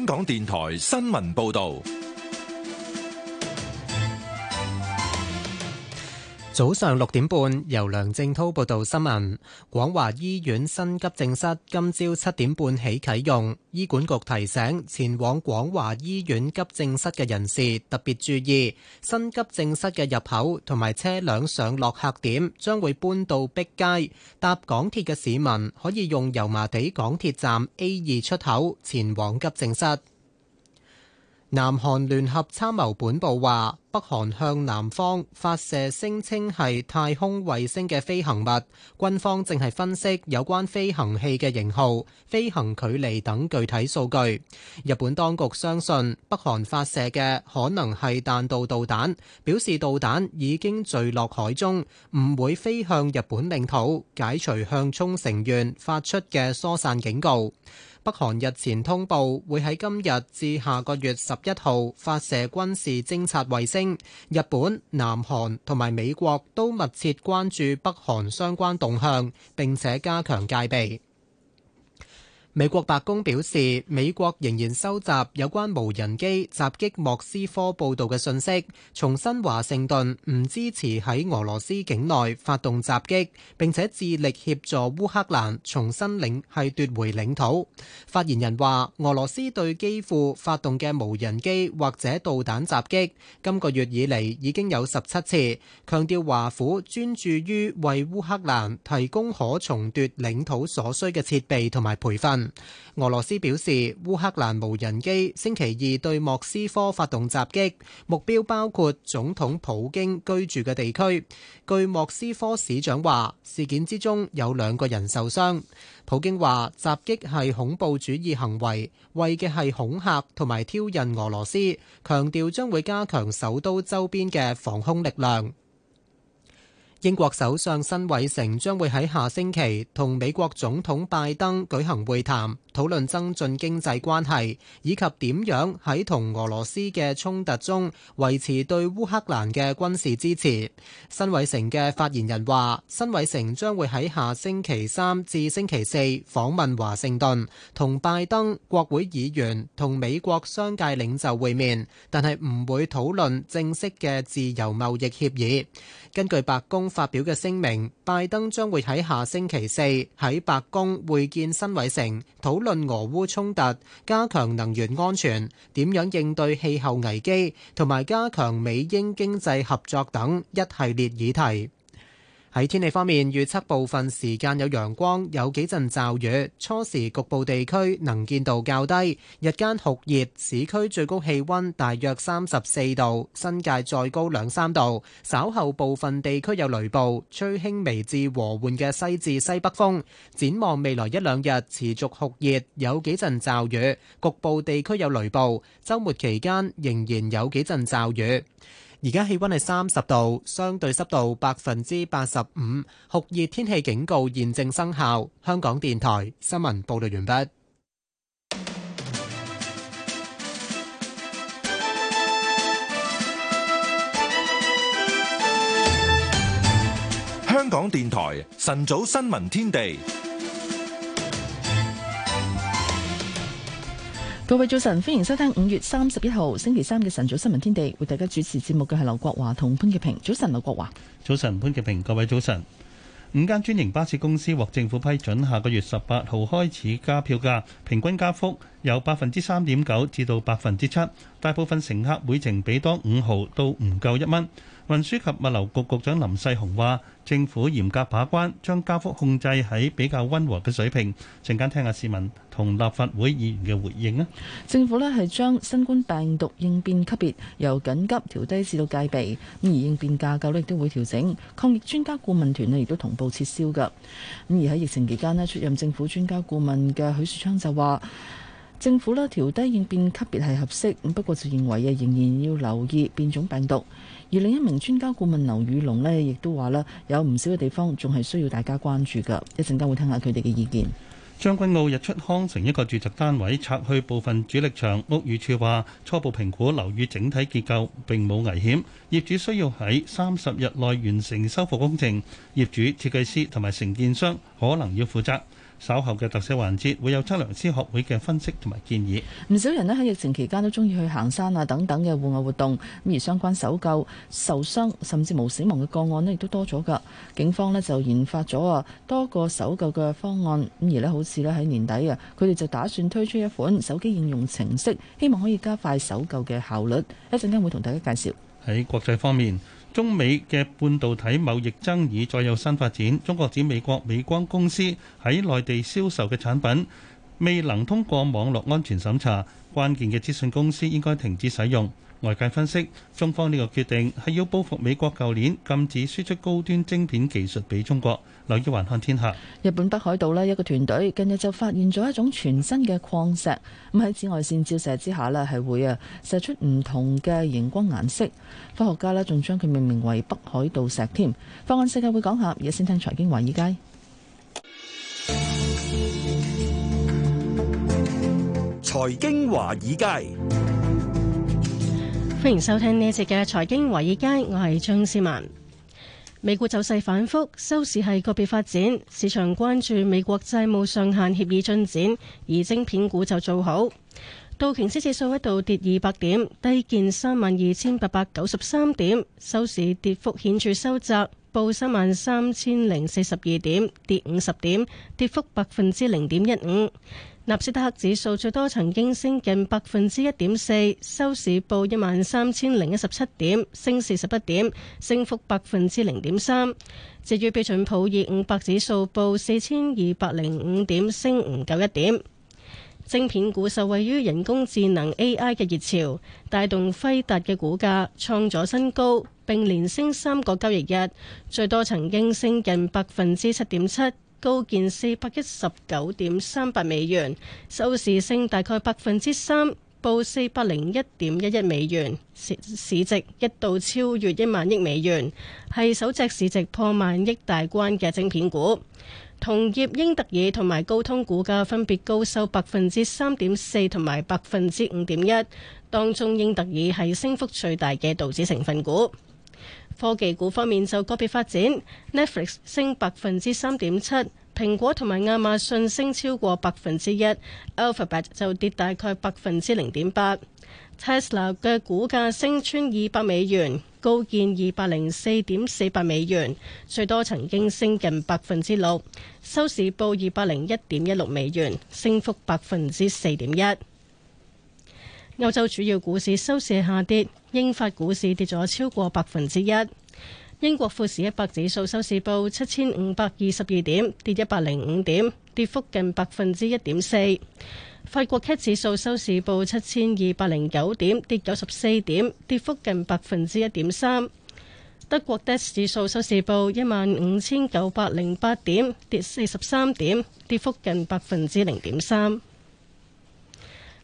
香港電台新聞報道。早上六點半，由梁正滔報道新聞。廣華醫院新急症室今朝七點半起啟用，醫管局提醒前往廣華醫院急症室嘅人士特別注意，新急症室嘅入口同埋車輛上落客點將會搬到碧街。搭港鐵嘅市民可以用油麻地港鐵站 A 二出口前往急症室。南韓聯合參謀本部話，北韓向南方發射聲稱係太空衛星嘅飛行物，軍方正係分析有關飛行器嘅型號、飛行距離等具體數據。日本當局相信北韓發射嘅可能係彈道導彈，表示導彈已經墜落海中，唔會飛向日本領土，解除向沖成員發出嘅疏散警告。北韓日前通報會喺今日至下個月十一號發射軍事偵察衛星。日本、南韓同埋美國都密切關注北韓相關動向，並且加強戒備。美國白宮表示，美國仍然收集有關無人機襲擊莫斯科報道嘅信息，重申華盛頓唔支持喺俄羅斯境內發動襲擊，並且致力協助烏克蘭重新領係奪回領土。發言人話，俄羅斯對基輔發動嘅無人機或者導彈襲擊，今個月以嚟已經有十七次。強調華府專注於為烏克蘭提供可重奪領土所需嘅設備同埋培訓。俄羅斯表示，烏克蘭無人機星期二對莫斯科發動襲擊，目標包括總統普京居住嘅地區。據莫斯科市長話，事件之中有兩個人受傷。普京話，襲擊係恐怖主義行為，為嘅係恐嚇同埋挑釁俄羅斯，強調將會加強首都周邊嘅防空力量。英國首相辛偉誠將會喺下星期同美國總統拜登舉行會談。討論增進經濟關係，以及點樣喺同俄羅斯嘅衝突中維持對烏克蘭嘅軍事支持。辛偉誠嘅發言人話：辛偉誠將會喺下星期三至星期四訪問華盛頓，同拜登國會議員同美國商界領袖會面，但係唔會討論正式嘅自由貿易協議。根據白宮發表嘅聲明。拜登將會喺下星期四喺白宮會見辛偉誠，討論俄烏衝突、加強能源安全、點樣應對氣候危機同埋加強美英經濟合作等一系列議題。喺天氣方面，預測部分時間有陽光，有幾陣驟雨。初時局部地區能見度較低，日間酷熱，市區最高氣溫大約三十四度，新界再高兩三度。稍後部分地區有雷暴，吹輕微至和緩嘅西至西北風。展望未來一兩日持續酷熱，有幾陣驟雨，局部地區有雷暴。週末期間仍然有幾陣驟雨。而家氣溫係三十度，相對濕度百分之八十五，酷熱天氣警告現正生效。香港電台新聞報道完畢。香港電台晨早新聞天地。各位早晨，歡迎收聽五月三十一號星期三嘅晨早新聞天地。為大家主持節目嘅係劉國華同潘潔平。早晨，劉國華。早晨，潘潔平。各位早晨。五間專營巴士公司獲政府批准，下個月十八號開始加票價，平均加幅由百分之三點九至到百分之七，大部分乘客每程俾多五毫都唔夠一蚊。運輸及物流局局長林世雄話，政府嚴格把關，將加幅控制喺比較温和嘅水平。陣間聽下市民同立法會議員嘅回應啊。政府咧係將新冠病毒應變級別由緊急調低至到戒備，咁而應變架構咧亦都會調整。抗疫專家顧問團咧亦都同步撤銷噶。咁而喺疫情期間咧，出任政府專家顧問嘅許樹昌就話，政府咧調低應變級別係合適，咁不過就認為啊，仍然要留意變種病毒。而另一名專家顧問劉宇龍呢，亦都話呢，有唔少嘅地方仲係需要大家關注㗎。一陣間會聽下佢哋嘅意見。將軍澳日出康城一個住宅單位拆去部分主力牆，屋宇署話初步評估樓宇整體結構並冇危險，業主需要喺三十日內完成修復工程，業主、設計師同埋承建商可能要負責。稍後嘅特色環節會有測量師學會嘅分析同埋建議。唔少人呢喺疫情期間都中意去行山啊等等嘅戶外活動，咁而相關搜救受傷甚至無死亡嘅個案呢亦都多咗噶。警方呢就研發咗啊多個搜救嘅方案，咁而呢好似呢喺年底啊，佢哋就打算推出一款手機應用程式，希望可以加快搜救嘅效率。一陣間會同大家介紹。喺國際方面，中美嘅半導體貿易爭議再有新發展，中國指美國美光公司喺內地銷售嘅產品未能通過網絡安全審查，關鍵嘅資訊公司應該停止使用。外界分析，中方呢個決定係要報復美國舊年禁止輸出高端晶片技術俾中國。留意環看天下，日本北海道呢一個團隊近日就發現咗一種全新嘅礦石，咁喺紫外線照射之下呢係會啊射出唔同嘅熒光顏色。科學家呢仲將佢命名為北海道石添。放眼世界會講下，而家先聽財經華爾街。財經華爾街。歡迎收聽呢一節嘅財經華爾街，我係張思文。美股走勢反覆，收市係個別發展，市場關注美國債務上限協議進展，而晶片股就做好。道瓊斯指數一度跌二百點，低見三萬二千八百九十三點，收市跌幅顯著收窄，報三萬三千零四十二點，跌五十點，跌幅百分之零點一五。納斯達克指數最多曾經升近百分之一點四，收市報一萬三千零一十七點，升四十一點，升幅百分之零點三。至於標準普爾五百指數報四千二百零五點，升五九一點。晶片股受惠於人工智能 AI 嘅熱潮帶動輝達，輝達嘅股價創咗新高，並連升三個交易日，最多曾經升近百分之七點七。高見四百一十九點三八美元，收市升大概百分之三，報四百零一點一一美元，市市值一度超越一萬億美元，係首隻市值破萬億大關嘅晶片股。同業英特爾同埋高通股價分別高收百分之三點四同埋百分之五點一，當中英特爾係升幅最大嘅道指成分股。科技股方面就個別發展，Netflix 升百分之三點七，蘋果同埋亞馬遜升超過百分之一，Alphabet 就跌大概百分之零點八。Tesla 嘅股價升穿二百美元，高見二百零四點四八美元，最多曾經升近百分之六，收市報二百零一點一六美元，升幅百分之四點一。歐洲主要股市收市下跌，英法股市跌咗超過百分之一。英國富時一百指數收市報七千五百二十二點，跌一百零五點，跌幅近百分之一點四。法國 CAC 指數收市報七千二百零九點，跌九十四點，跌幅近百分之一點三。德國 DAX 指數收市報一萬五千九百零八點，跌四十三點，跌幅近百分之零點三。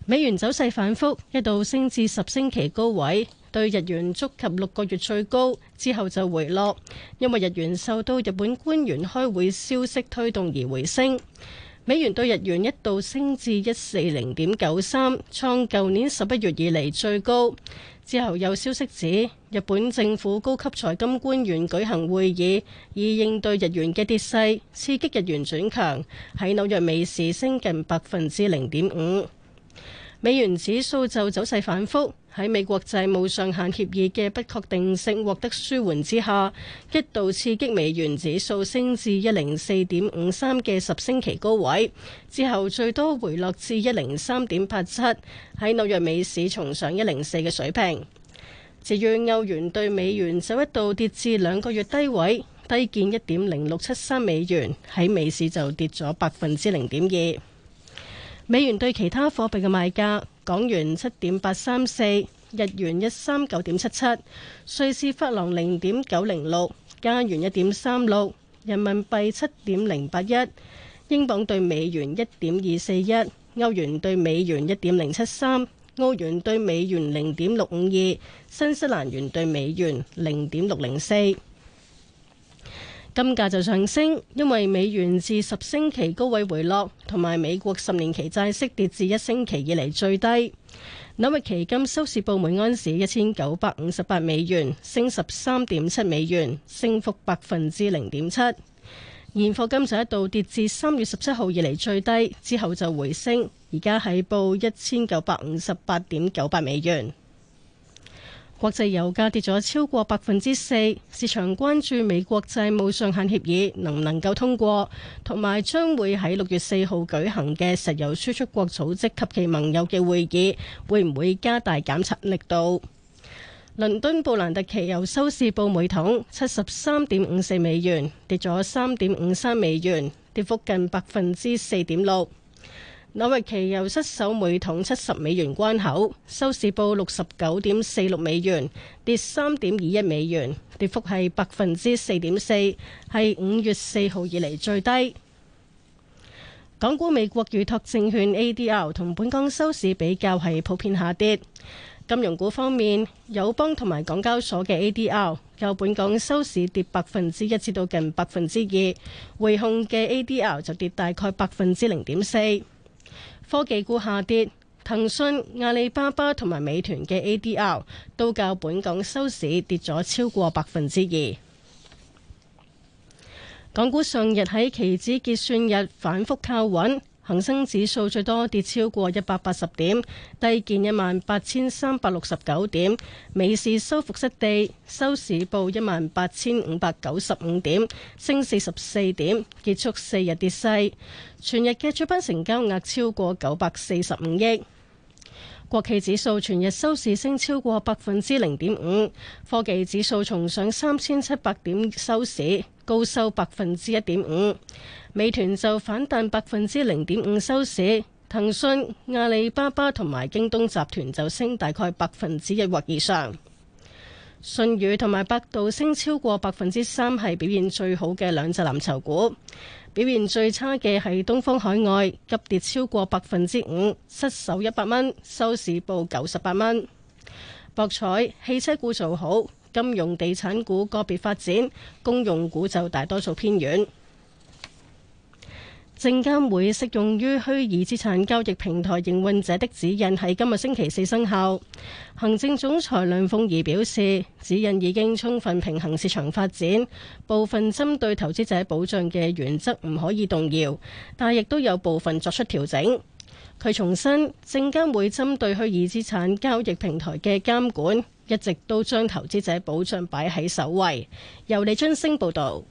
美元走勢反覆，一度升至十星期高位，對日元觸及六個月最高之後就回落，因為日元受到日本官員開會消息推動而回升。美元兌日元一度升至一四零點九三，創舊年十一月以嚟最高之後，有消息指日本政府高級財金官員舉行會議，以應對日元嘅跌勢，刺激日元轉強。喺紐約美市升近百分之零點五。美元指數就走勢反覆，喺美國債務上限協議嘅不確定性獲得舒緩之下，一度刺激美元指數升至一零四點五三嘅十星期高位，之後最多回落至一零三點八七，喺紐約美市重上一零四嘅水平。至於歐元兌美元就一度跌至兩個月低位，低見一點零六七三美元，喺美市就跌咗百分之零點二。美元對其他貨幣嘅賣價：港元七點八三四，日元一三九點七七，瑞士法郎零點九零六，加元一點三六，人民幣七點零八一，英鎊對美元一點二四一，歐元對美元一點零七三，澳元對美元零點六五二，新西蘭元對美元零點六零四。金價就上升，因為美元自十星期高位回落，同埋美國十年期債息跌至一星期以嚟最低。紐約期金收市報每安士一千九百五十八美元，升十三點七美元，升幅百分之零點七。現貨金就一度跌至三月十七號以嚟最低，之後就回升，而家係報一千九百五十八點九八美元。國際油價跌咗超過百分之四，市場關注美國債務上限協議能唔能夠通過，同埋將會喺六月四號舉行嘅石油輸出國組織及其盟友嘅會議會唔會加大檢測力度。倫敦布蘭特期油收市報每桶七十三點五四美元，跌咗三點五三美元，跌幅近百分之四點六。紐約期油失守每桶七十美元關口，收市報六十九點四六美元，跌三點二一美元，跌幅係百分之四點四，係五月四號以嚟最低。港股美國預托證券 A D R 同本港收市比較係普遍下跌。金融股方面，友邦同埋港交所嘅 A D R，較本港收市跌百分之一至到近百分之二，匯控嘅 A D R 就跌大概百分之零點四。科技股下跌，騰訊、阿里巴巴同埋美團嘅 ADR 都較本港收市跌咗超過百分之二。港股上日喺期指結算日反覆靠穩。恒生指數最多跌超過一百八十點，低見一萬八千三百六十九點，尾市收復失地，收市報一萬八千五百九十五點，升四十四點，結束四日跌勢。全日嘅主板成交額超過九百四十五億。國企指數，全日收市升超過百分之零點五，科技指數重上三千七百點收市，高收百分之一點五。美團就反彈百分之零點五收市，騰訊、阿里巴巴同埋京東集團就升大概百分之一或以上。信義同埋百度升超過百分之三，係表現最好嘅兩隻藍籌股。表現最差嘅係東方海外，急跌超過百分之五，失守一百蚊，收市報九十八蚊。博彩、汽車股做好，金融、地產股個別發展，公用股就大多數偏軟。證監會適用於虛擬資產交易平台營運者的指引喺今日星期四生效。行政總裁梁鳳儀表示，指引已經充分平衡市場發展，部分針對投資者保障嘅原則唔可以動搖，但亦都有部分作出調整。佢重申，證監會針對虛擬資產交易平台嘅監管一直都將投資者保障擺喺首位。由李津升報道。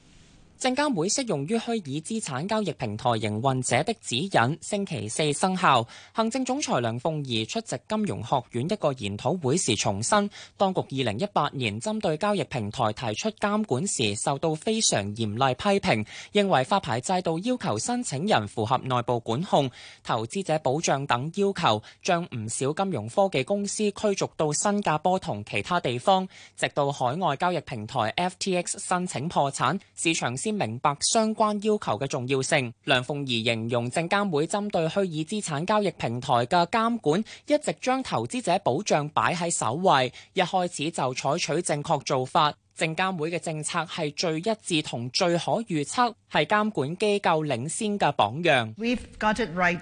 證監會適用於虛擬資產交易平台營運者的指引星期四生效。行政總裁梁鳳儀出席金融學院一個研討會時重申，當局二零一八年針對交易平台提出監管時受到非常嚴厲批評，認為發牌制度要求申請人符合內部管控、投資者保障等要求，將唔少金融科技公司驅逐到新加坡同其他地方。直到海外交易平台 FTX 申請破產，市場先明白相關要求嘅重要性。梁鳳儀形容證監會針對虛擬資產交易平台嘅監管，一直將投資者保障擺喺首位，一開始就採取正確做法。證監會嘅政策係最一致同最可預測，係監管機構領先嘅榜樣。We've got it right.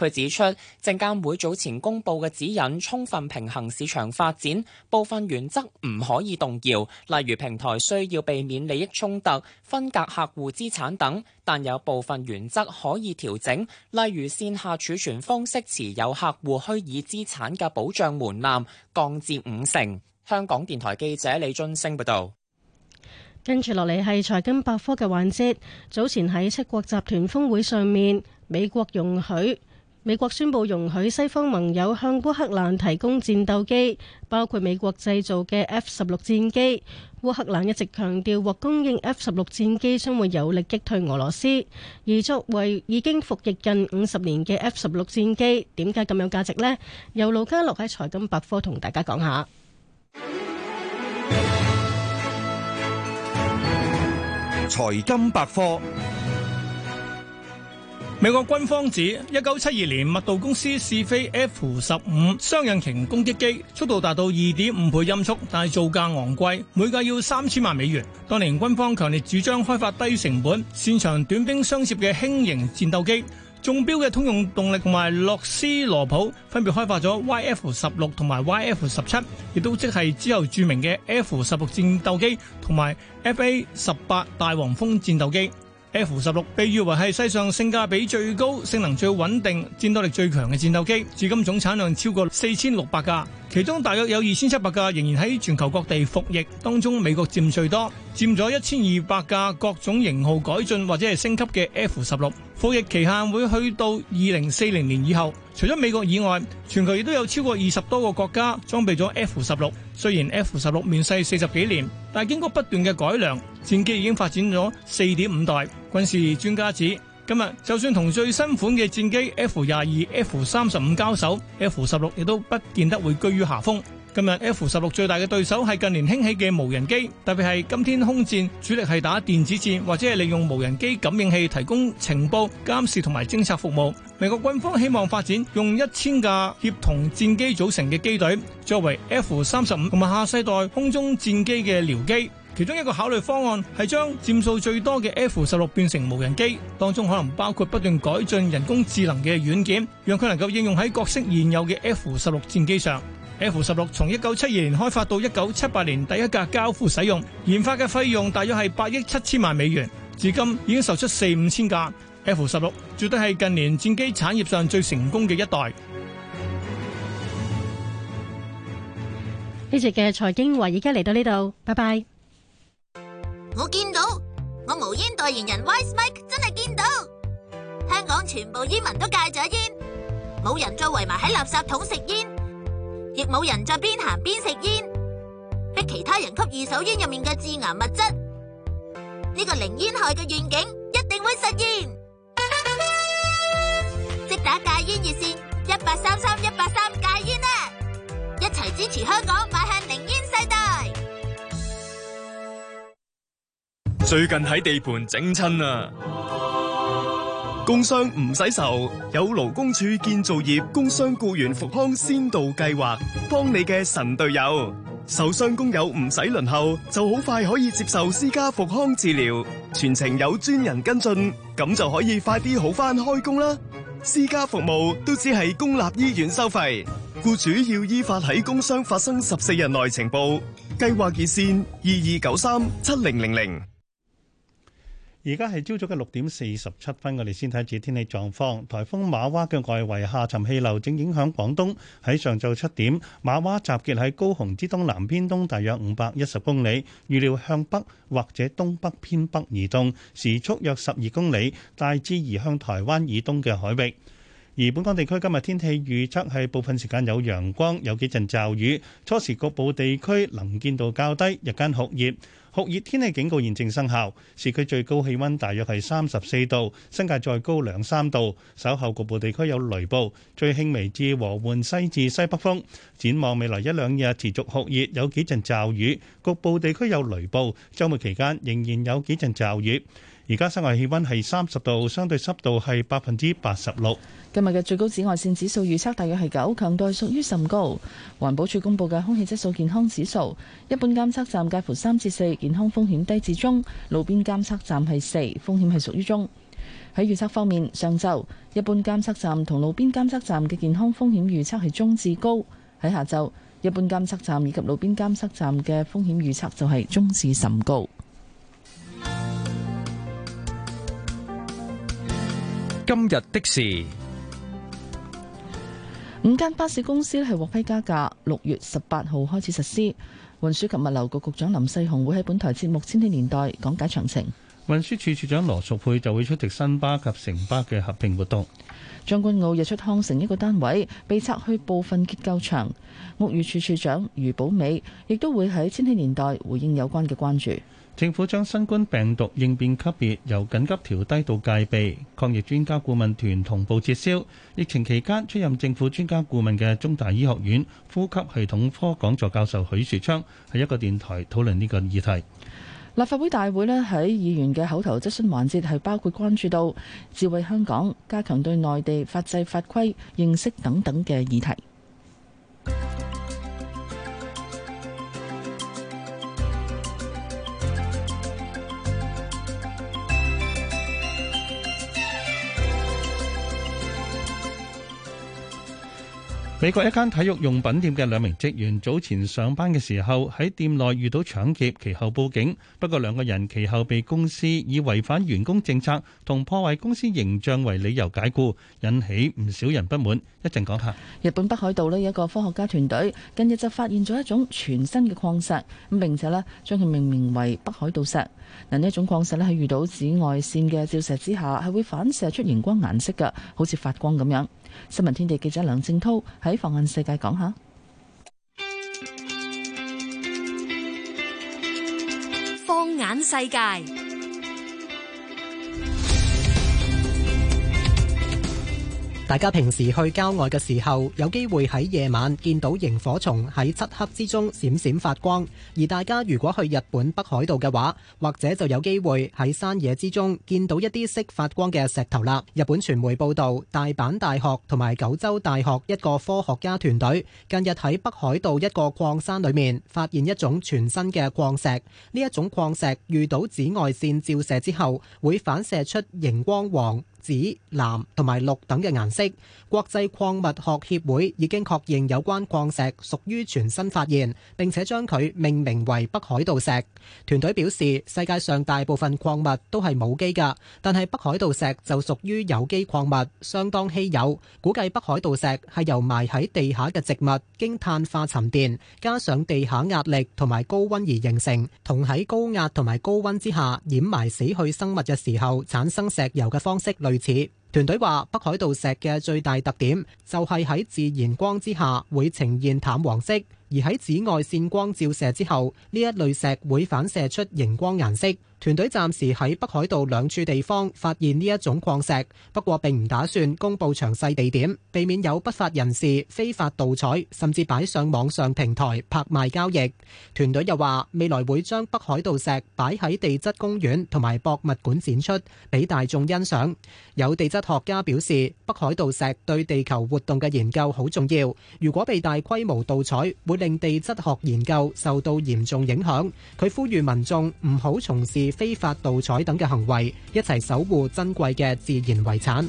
佢指出，證監會早前公布嘅指引充分平衡市場發展，部分原則唔可以動搖，例如平台需要避免利益衝突、分隔客戶資產等。但有部分原則可以調整，例如線下儲存方式持有客戶虛擬資產嘅保障門檻降至五成。香港電台記者李津星報道。跟住落嚟係財經百科嘅環節，早前喺七國集團峰會上面，美國容許。美國宣布容許西方盟友向烏克蘭提供戰鬥機，包括美國製造嘅 F 十六戰機。烏克蘭一直強調獲供應 F 十六戰機將會有力擊退俄羅斯。而作為已經服役近五十年嘅 F 十六戰機，點解咁有價值呢？由盧家樂喺財金百科同大家講下。財金百科。美國軍方指一九七二年，麥道公司試飛 F 十五雙引擎攻擊機，速度達到二點五倍音速，但係造價昂貴，每架要三千萬美元。當年軍方強烈主張開發低成本、擅長短兵相接嘅輕型戰鬥機，中標嘅通用動力同埋諾斯羅普分別開發咗 YF 十六同埋 YF 十七，亦都即係之後著名嘅 F 十六戰鬥機同埋 FA 十八大黃蜂戰鬥機。F 十六被譽為係世上性價比最高、性能最穩定、戰鬥力最強嘅戰鬥機，至今總產量超過四千六百架，其中大約有二千七百架仍然喺全球各地服役，當中美國佔最多，佔咗一千二百架各種型號改進或者係升級嘅 F 十六，服役期限會去到二零四零年以後。除咗美國以外，全球亦都有超過二十多個國家裝備咗 F 十六。雖然 F 十六面世四十幾年，但係經過不斷嘅改良。戰機已經發展咗四點五代。軍事專家指，今日就算同最新款嘅戰機 F 廿二、F 三十五交手，F 十六亦都不見得會居於下風。今日 F 十六最大嘅對手係近年興起嘅無人機，特別係今天空戰主力係打電子戰或者係利用無人機感應器提供情報監視同埋偵察服務。美國軍方希望發展用一千架協同戰機組成嘅機隊，作為 F 三十五同埋下世代空中戰機嘅僚機。其中一個考慮方案係將佔數最多嘅 F 十六變成無人機，當中可能包括不斷改進人工智能嘅軟件，讓佢能夠應用喺各式現有嘅 F 十六戰機上。F 十六從一九七二年開發到一九七八年第一架交付使用，研發嘅費用大約係八億七千萬美元，至今已經售出四五千架 F 十六，絕對係近年戰機產業上最成功嘅一代。呢節嘅財經話而家嚟到呢度，拜拜。我見到我無煙代言人 Wise Mike 真係見到，香港全部煙民都戒咗煙，冇人再圍埋喺垃圾桶食煙，亦冇人再邊行邊食煙，逼其他人吸二手煙入面嘅致癌物質。呢個零煙害嘅願景一定會實現。即打戒煙熱線一八三三一八三戒煙啊！一齊支持香港邁向零煙世代。最近喺地盤整親啊，工傷唔使愁，有勞工處建造業工傷僱員復康先導計劃，幫你嘅神隊友受傷工友唔使輪候，就好快可以接受私家復康治療，全程有專人跟進，咁就可以快啲好翻開工啦。私家服務都只係公立醫院收費，僱主要依法喺工傷發生十四日內呈報，計劃熱線二二九三七零零零。而家係朝早嘅六點四十七分，我哋先睇下今日天氣狀況。台風馬娃嘅外圍下沉氣流正影響廣東。喺上晝七點，馬娃集結喺高雄之東南偏東大約五百一十公里，預料向北或者東北偏北移動，時速約十二公里，大致移向台灣以東嘅海域。而本港地區今日天氣預測係部分時間有陽光，有幾陣驟雨，初時局部地區能見度較低，日間酷熱。酷熱天氣警告現正生效，市區最高氣温大約係三十四度，新界再高兩三度。稍後局部地區有雷暴，最輕微至和緩西至西北風。展望未來一兩日持續酷熱，有幾陣驟雨，局部地區有雷暴。週末期間仍然有幾陣驟雨。而家室外氣溫係三十度，相對濕度係百分之八十六。今日嘅最高紫外線指數預測大約係九，強度屬於甚高。環保署公布嘅空氣質素健康指數，一般監測站介乎三至四，健康風險低至中；路邊監測站係四，風險係屬於中。喺預測方面，上晝一般監測站同路邊監測站嘅健康風險預測係中至高；喺下晝一般監測站以及路邊監測站嘅風險預測就係中至甚高。今日的事，五間巴士公司係獲批加價，六月十八號開始實施。運輸及物流局局長林世雄會喺本台節目《千禧年代》講解詳情。運輸處處長羅淑佩就會出席新巴及城巴嘅合併活動。將軍澳日出康城一個單位被拆去部分結構牆，屋宇處處長余寶美亦都會喺《千禧年代》回應有關嘅關注。政府將新冠病毒應變級別由緊急調低到戒備，抗疫專家顧問團同步撤銷。疫情期間出任政府專家顧問嘅中大醫學院呼吸系統科講座教授許樹昌，喺一個電台討論呢個議題。立法會大會呢喺議員嘅口頭質詢環節，係包括關注到智慧香港、加強對內地法制法規認識等等嘅議題。美國一間體育用品店嘅兩名職員早前上班嘅時候喺店內遇到搶劫，其後報警。不過兩個人其後被公司以違反員工政策同破壞公司形象為理由解雇，引起唔少人不滿。講一陣講下，日本北海道呢有一個科學家團隊近日就發現咗一種全新嘅礦石，咁並且呢將佢命名為北海道石。嗱，呢一種礦石咧，喺遇到紫外線嘅照射之下，係會反射出熒光顏色嘅，好似發光咁樣。新聞天地記者梁正濤喺《放眼世界》講下《放眼世界》。大家平時去郊外嘅時候，有機會喺夜晚見到螢火蟲喺漆黑之中閃閃發光；而大家如果去日本北海道嘅話，或者就有機會喺山野之中見到一啲識發光嘅石頭啦。日本傳媒報道，大阪大學同埋九州大學一個科學家團隊近日喺北海道一個礦山裡面發現一種全新嘅礦石，呢一種礦石遇到紫外線照射之後，會反射出螢光黃、紫、藍同埋綠等嘅顏色，國際礦物學協會已經確認有關礦石屬於全新發現，並且將佢命名為北海道石。團隊表示，世界上大部分礦物都係無機嘅，但係北海道石就屬於有機礦物，相當稀有。估計北海道石係由埋喺地下嘅植物經碳化沉澱，加上地下壓力同埋高温而形成，同喺高壓同埋高温之下掩埋死去生物嘅時候產生石油嘅方式類類似。團隊話，北海道石嘅最大特點就係喺自然光之下會呈現淡黃色，而喺紫外線光照射之後，呢一類石會反射出熒光顏色。團隊暫時喺北海道兩處地方發現呢一種礦石，不過並唔打算公佈詳細地點，避免有不法人士非法盜採，甚至擺上網上平台拍賣交易。團隊又話，未來會將北海道石擺喺地質公園同埋博物館展出，俾大眾欣賞。有地質學家表示，北海道石對地球活動嘅研究好重要，如果被大規模盜採，會令地質學研究受到嚴重影響。佢呼籲民眾唔好從事。非法盜採等嘅行為，一齊守護珍貴嘅自然遺產。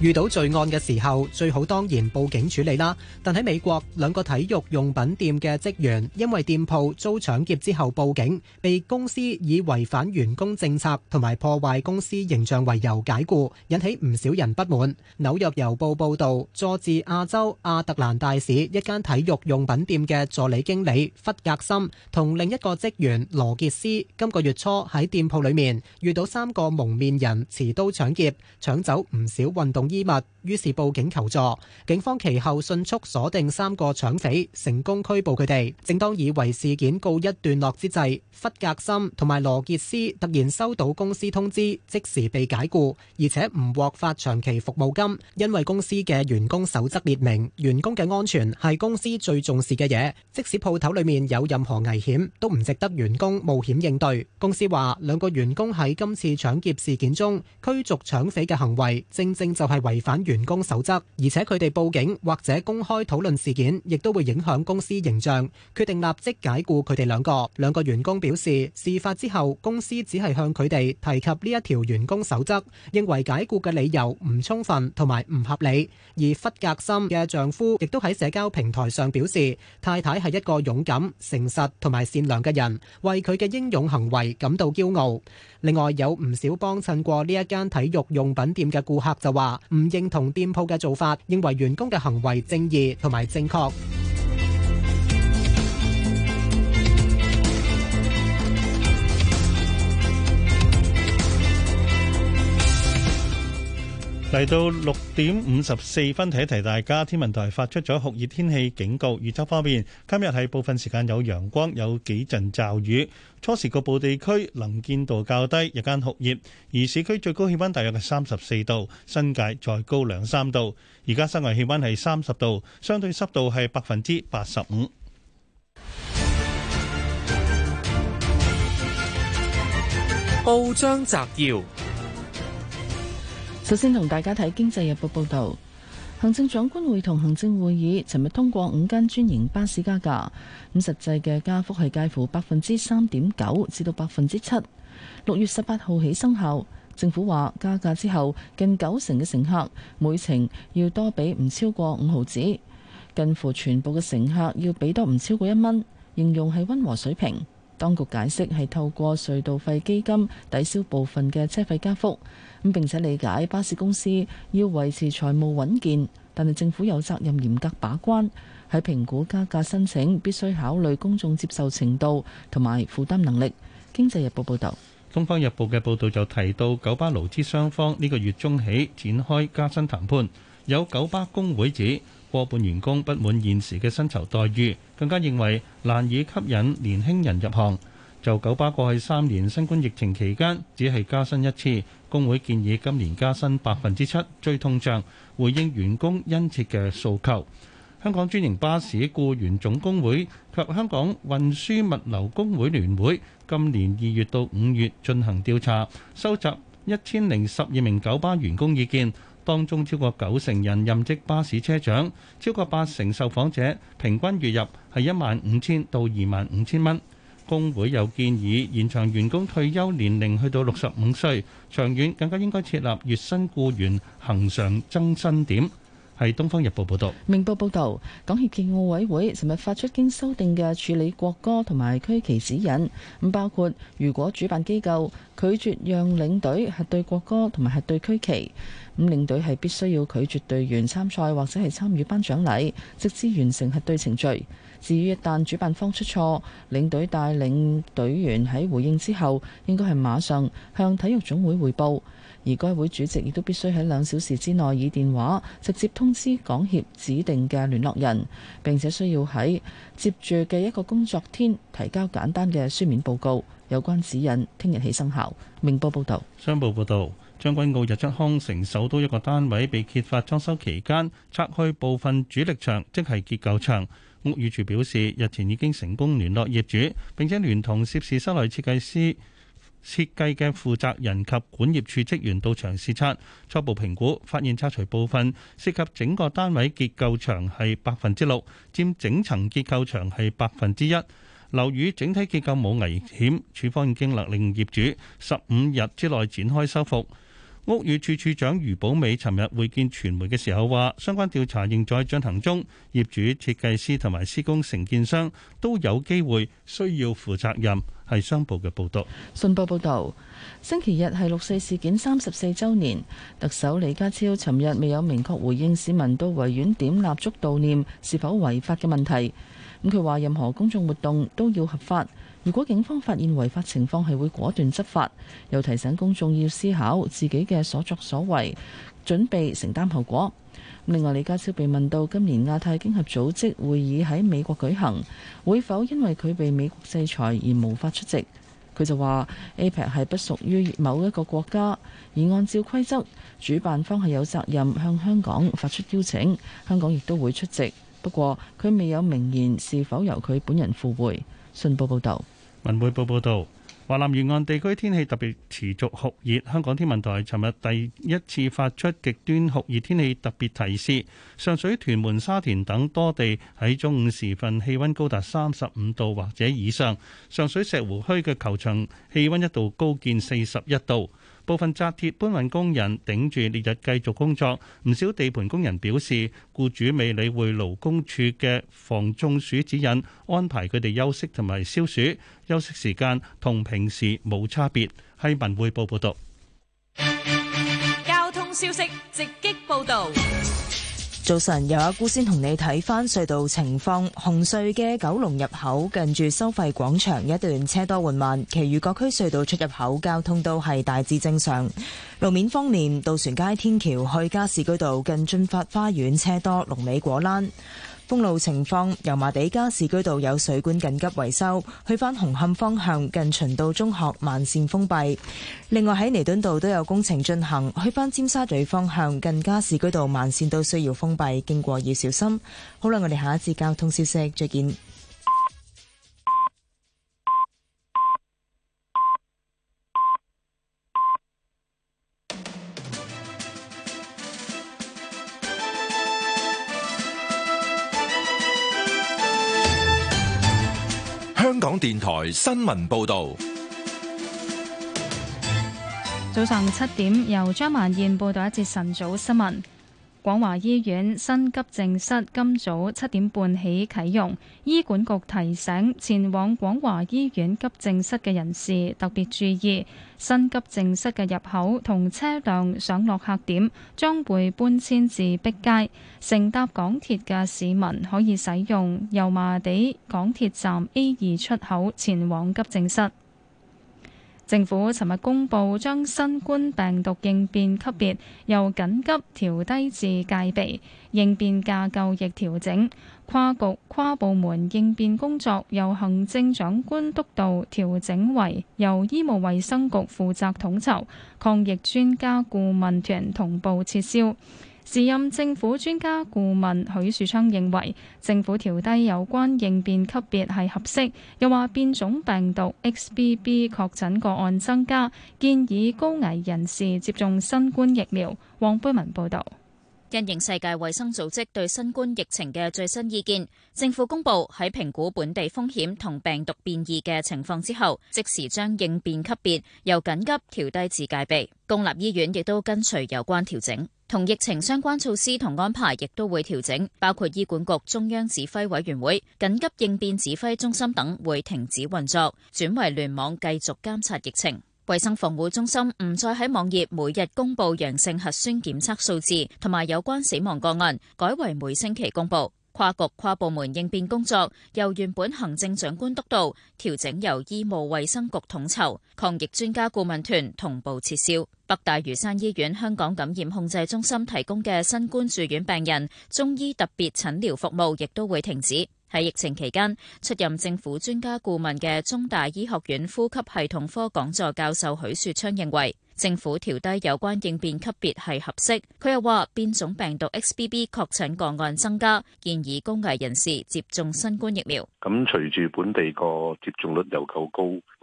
遇到罪案嘅時候，最好當然報警處理啦。但喺美國，兩個體育用品店嘅職員因為店鋪遭搶劫之後報警，被公司以違反員工政策同埋破壞公司形象為由解僱，引起唔少人不滿。紐約郵報報道，佐治亞州亞特蘭大市一間體育用品店嘅助理經理弗格森同另一個職員羅杰斯今個月初喺店鋪裏面遇到三個蒙面人持刀搶劫，搶走唔少運動。衣物，於 是報警求助。警方其後迅速鎖定三個搶匪，成功拘捕佢哋。正當以為事件告一段落之際，弗格森同埋羅傑斯突然收到公司通知，即時被解雇，而且唔獲發長期服務金，因為公司嘅員工守則列明，員工嘅安全係公司最重視嘅嘢。即使鋪頭裏面有任何危險都唔值得員工冒險應對。公司話兩個員工喺今次搶劫事件中驅逐搶匪嘅行為正正就係、是。違反員工守則，而且佢哋報警或者公開討論事件，亦都會影響公司形象，決定立即解僱佢哋兩個。兩個員工表示，事發之後公司只係向佢哋提及呢一條員工守則，認為解僱嘅理由唔充分同埋唔合理。而弗格森嘅丈夫亦都喺社交平台上表示，太太係一個勇敢、誠實同埋善良嘅人，為佢嘅英勇行為感到驕傲。另外，有唔少幫襯過呢一間體育用品店嘅顧客就話。唔認同店鋪嘅做法，認為員工嘅行為正義同埋正確。嚟到六點五十四分，提一提大家，天文台發出咗酷熱天氣警告。預測方面，今日係部分時間有陽光，有幾陣驟雨。初時局部地區能見度較低，日間酷熱。而市區最高氣溫大約係三十四度，新界再高兩三度。而家室外氣溫係三十度，相對濕度係百分之八十五。報章摘要。首先同大家睇《經濟日報》報導，行政長官會同行政會議尋日通過五間專營巴士加價，咁實際嘅加幅係介乎百分之三點九至到百分之七。六月十八號起生效，政府話加價之後，近九成嘅乘客每程要多俾唔超過五毫子，近乎全部嘅乘客要俾多唔超過一蚊，形容係溫和水平。當局解釋係透過隧道費基金抵消部分嘅車費加幅，咁並且理解巴士公司要維持財務穩健，但係政府有責任嚴格把關，喺評估加價申請必須考慮公眾接受程度同埋負擔能力。經濟日報報導，《東方日報》嘅報導就提到九巴勞資雙方呢個月中起展開加薪談判，有九巴工會指。過半員工不滿現時嘅薪酬待遇，更加認為難以吸引年輕人入行。就九巴過去三年新冠疫情期間，只係加薪一次，工會建議今年加薪百分之七追通脹，回應員工殷切嘅訴求。香港專營巴士僱員總工會及香港運輸物流工會聯會今年二月到五月進行調查，收集一千零十二名九巴員工意見。當中超過九成人任職巴士車長，超過八成受訪者平均月入係一萬五千到二萬五千蚊。工會有建議延長員工退休年齡去到六十五歲，長遠更加應該設立月薪雇員恒常增薪點。係《東方日報》報道，明報報道。港協暨奧委會尋日發出經修訂嘅處理國歌同埋區旗指引。咁包括如果主辦機構拒絕讓領隊核對國歌同埋核對區旗，咁領隊係必須要拒絕隊員參賽或者係參與頒獎禮，直至完成核對程序。至於一旦主辦方出錯，領隊帶領隊員喺回應之後，應該係馬上向體育總會匯報。而該會主席亦都必須喺兩小時之內以電話直接通知港協指定嘅聯絡人，並且需要喺接住嘅一個工作天提交簡單嘅書面報告。有關指引聽日起生效。明報報道，商報報導，將軍澳日出康城首都一個單位被揭發裝修期間拆開部分主力牆，即係結構牆。屋宇署表示，日前已經成功聯絡業主，並且聯同涉事室內設計師。設計嘅負責人及管業處職員到場視察，初步評估發現拆除部分涉及整個單位結構牆係百分之六，佔整層結構牆係百分之一。樓宇整體結構冇危險，處方已經勒令業主十五日之內展開修復。屋宇處處長余寶美尋日會見傳媒嘅時候話，相關調查仍在進行中，業主、設計師同埋施工承建商都有機會需要負責任。係商部嘅報道，信報報道。星期日係六四事件三十四周年，特首李家超尋日未有明確回應市民到維園點蠟燭悼念是否違法嘅問題，咁佢話任何公眾活動都要合法，如果警方發現違法情況，係會果斷執法，又提醒公眾要思考自己嘅所作所為，準備承擔後果。另外，李家超被問到今年亞太經合組織會議喺美國舉行，會否因為佢被美國制裁而無法出席？佢就話：APEC 係不屬於某一個國家，而按照規則，主辦方係有責任向香港發出邀請，香港亦都會出席。不過，佢未有明言是否由佢本人赴會。信報報道。文匯報報導。華南沿岸地區天氣特別持續酷熱，香港天文台尋日第一次發出極端酷熱天氣特別提示，上水、屯門、沙田等多地喺中午時分氣溫高達三十五度或者以上，上水石湖墟嘅球場氣溫一度高見四十一度。部分紮鐵搬運工人頂住烈日繼續工作，唔少地盤工人表示，僱主未理會勞工處嘅防中暑指引，安排佢哋休息同埋消暑，休息時間同平時冇差別。係文匯報報導。交通消息直擊報導。早晨，有阿姑先同你睇翻隧道情況。紅隧嘅九龍入口近住收費廣場一段車多緩慢，其餘各區隧道出入口交通都係大致正常。路面方面，渡船街天橋去加士居道近駿發花園車多龍尾果欄。封路情況，油麻地加士居道有水管緊急維修；去翻紅磡方向近循道中學慢線封閉。另外喺彌敦道都有工程進行，去翻尖沙咀方向近加士居道慢線都需要封閉，經過要小心。好啦，我哋下一節交通消息再見。香港電台新聞報道，早上七點由張曼燕報道一節晨早新聞。廣華醫院新急症室今早七點半起啟用，醫管局提醒前往廣華醫院急症室嘅人士特別注意，新急症室嘅入口同車輛上落客點將會搬遷至碧街。乘搭港鐵嘅市民可以使用油麻地港鐵站 A 二出口前往急症室。政府尋日公布將新冠病毒應變級別由緊急調低至戒備，應變架構亦調整，跨局跨部門應變工作由行政長官督導調整為由醫務衛生局負責統籌，抗疫專家顧問團同步撤銷。時任政府專家顧問許樹昌認為政府調低有關應變級別係合適，又話變種病毒 XBB 確診個案增加，建議高危人士接種新冠疫苗。黃貝文報道。因應世界衛生組織對新冠疫情嘅最新意見，政府公布喺評估本地風險同病毒變異嘅情況之後，即時將應變級別由緊急調低至戒備。公立醫院亦都跟隨有關調整，同疫情相關措施同安排亦都會調整，包括醫管局中央指揮委員會、緊急應變指揮中心等會停止運作，轉為聯網繼續監察疫情。衛生防護中心唔再喺網頁每日公布陽性核酸檢測數字同埋有關死亡個案，改為每星期公布。跨局跨部門應變工作由原本行政長官督導，調整由醫務衛生局統籌。抗疫專家顧問團同步撤銷。北大嶼山醫院香港感染控制中心提供嘅新冠住院病人中醫特別診療服務，亦都會停止。喺疫情期間，出任政府專家顧問嘅中大醫學院呼吸系統科講座教授許雪昌認為，政府調低有關應變級別係合適。佢又話變種病毒 XBB 確診個案增加，建議高危人士接種新冠疫苗。咁隨住本地個接種率又夠高，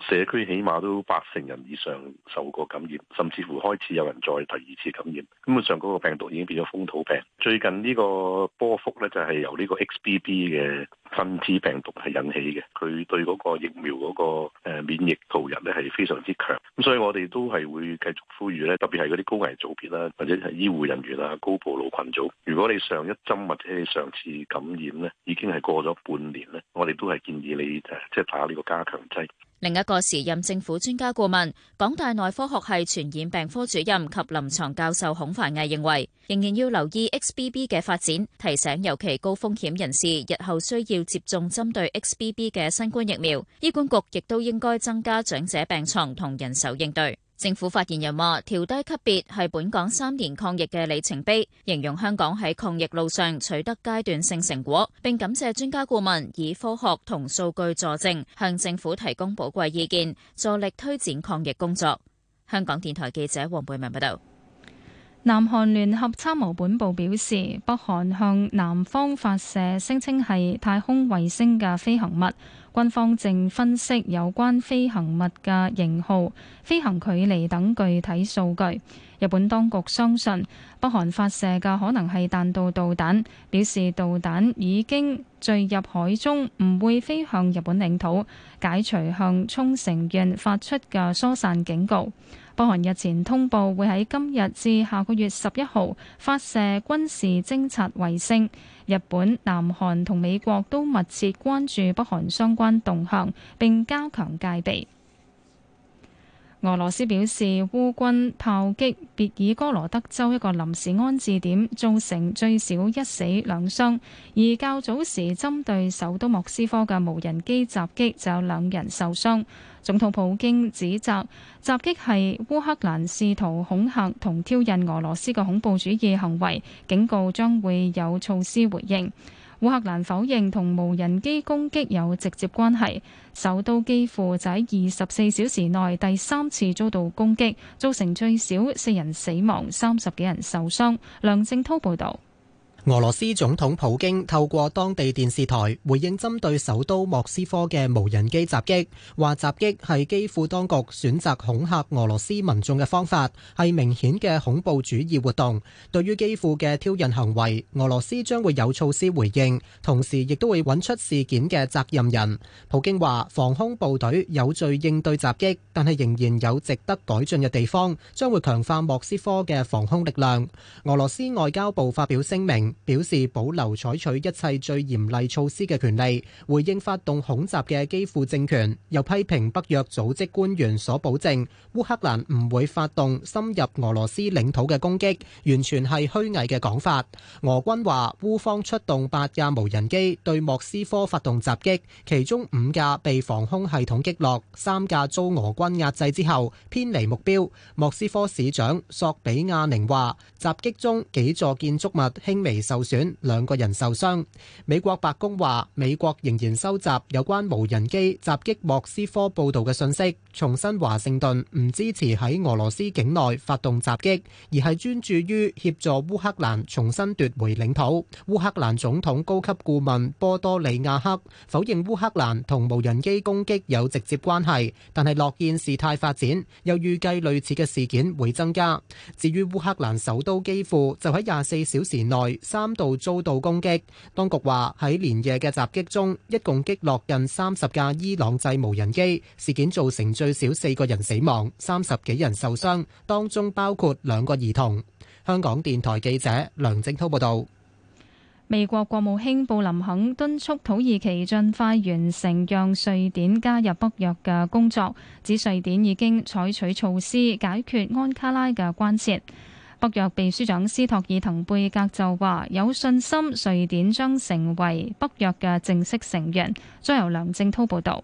社區起碼都八成人以上受過感染，甚至乎開始有人再第二次感染。基本上嗰個病毒已經變咗風土病。最近呢個波幅咧就係由呢個 XBB 嘅分支病毒係引起嘅，佢對嗰個疫苗嗰個、誒、免疫逃逸咧係非常之強，咁所以我哋都係會繼續呼籲咧，特別係嗰啲高危組別啦，或者係醫護人員啊、高暴露群組，如果你上一針或者你上次感染咧已經係過咗半年咧，我哋都係建議你誒即係打呢個加強劑。另一個時任政府專家顧問、港大內科學系傳染病科主任及臨牀教授孔凡毅認為，仍然要留意 XBB 嘅發展，提醒尤其高風險人士日後需要接種針對 XBB 嘅新冠疫苗。醫管局亦都應該增加長者病床同人手應對。政府發言人話：調低級別係本港三年抗疫嘅里程碑，形容香港喺抗疫路上取得階段性成果，並感謝專家顧問以科學同數據助證，向政府提供寶貴意見，助力推展抗疫工作。香港電台記者黃貝文報道。南韓聯合參謀本部表示，北韓向南方發射聲稱係太空衛星嘅飛行物，軍方正分析有關飛行物嘅型號、飛行距離等具體數據。日本當局相信北韓發射嘅可能係彈道導彈，表示導彈已經墜入海中，唔會飛向日本領土，解除向沖繩縣發出嘅疏散警告。北韓日前通報會喺今日至下個月十一號發射軍事偵察衛星。日本、南韓同美國都密切關注北韓相關動向，並加強戒備。俄羅斯表示，烏軍炮擊別爾哥羅德州一個臨時安置點，造成最少一死兩傷；而較早時針對首都莫斯科嘅無人機襲擊，就有兩人受傷。總統普京指責襲擊係烏克蘭試圖恐嚇同挑釁俄羅斯嘅恐怖主義行為，警告將會有措施回應。烏克蘭否認同無人機攻擊有直接關係。首都基輔喺二十四小時內第三次遭到攻擊，造成最少四人死亡，三十幾人受傷。梁正濤報道。俄羅斯總統普京透過當地電視台回應針對首都莫斯科嘅無人機襲擊，話襲擊係基輔當局選擇恐嚇俄羅斯民眾嘅方法，係明顯嘅恐怖主義活動。對於基輔嘅挑釁行為，俄羅斯將會有措施回應，同時亦都會揾出事件嘅責任人。普京話防空部隊有序應對襲擊，但係仍然有值得改進嘅地方，將會強化莫斯科嘅防空力量。俄羅斯外交部發表聲明。表示保留採取一切最嚴厲措施嘅權利，回應發動恐襲嘅基輔政權，又批評北約組織官員所保證烏克蘭唔會發動深入俄羅斯領土嘅攻擊，完全係虛偽嘅講法。俄軍話烏方出動八架無人機對莫斯科發動襲擊，其中五架被防空系統擊落，三架遭俄軍壓制之後偏離目標。莫斯科市長索比亞寧話。襲擊中幾座建築物輕微受損，兩個人受傷。美國白宮話：美國仍然收集有關無人機襲擊莫斯科報導嘅訊息。重申華盛頓唔支持喺俄羅斯境內發動襲擊，而係專注於協助烏克蘭重新奪回領土。烏克蘭總統高級顧問波多利亞克否認烏克蘭同無人機攻擊有直接關係，但係樂見事態發展，又預計類似嘅事件會增加。至於烏克蘭首都基輔就喺廿四小時內三度遭到攻擊，當局話喺連夜嘅襲擊中，一共擊落近三十架伊朗製無人機。事件造成最最少四個人死亡，三十幾人受傷，當中包括兩個兒童。香港電台記者梁正滔報導。美國國務卿布林肯敦促土耳其盡快完成讓瑞典加入北約嘅工作，指瑞典已經採取措施解決安卡拉嘅關切。北約秘書長斯托爾滕貝格就話有信心瑞典將成為北約嘅正式成員。將由梁正滔報導。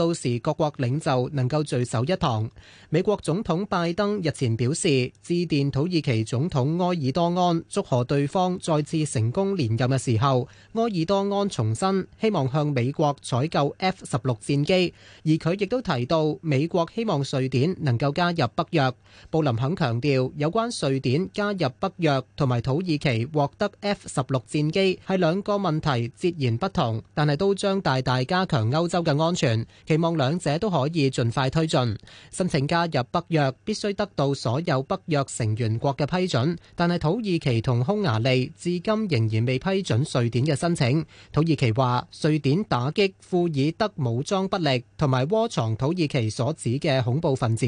到時各國領袖能夠聚首一堂。美國總統拜登日前表示，致電土耳其總統埃爾多安，祝賀對方再次成功連任嘅時候，埃爾多安重申希望向美國採購 F 十六戰機，而佢亦都提到美國希望瑞典能夠加入北約。布林肯強調，有關瑞典加入北約同埋土耳其獲得 F 十六戰機係兩個問題截然不同，但係都將大大加強歐洲嘅安全。期望兩者都可以盡快推進。申請加入北約必須得到所有北約成員國嘅批准，但係土耳其同匈牙利至今仍然未批准瑞典嘅申請。土耳其話，瑞典打擊庫爾德武裝不力，同埋窩藏土耳其所指嘅恐怖分子。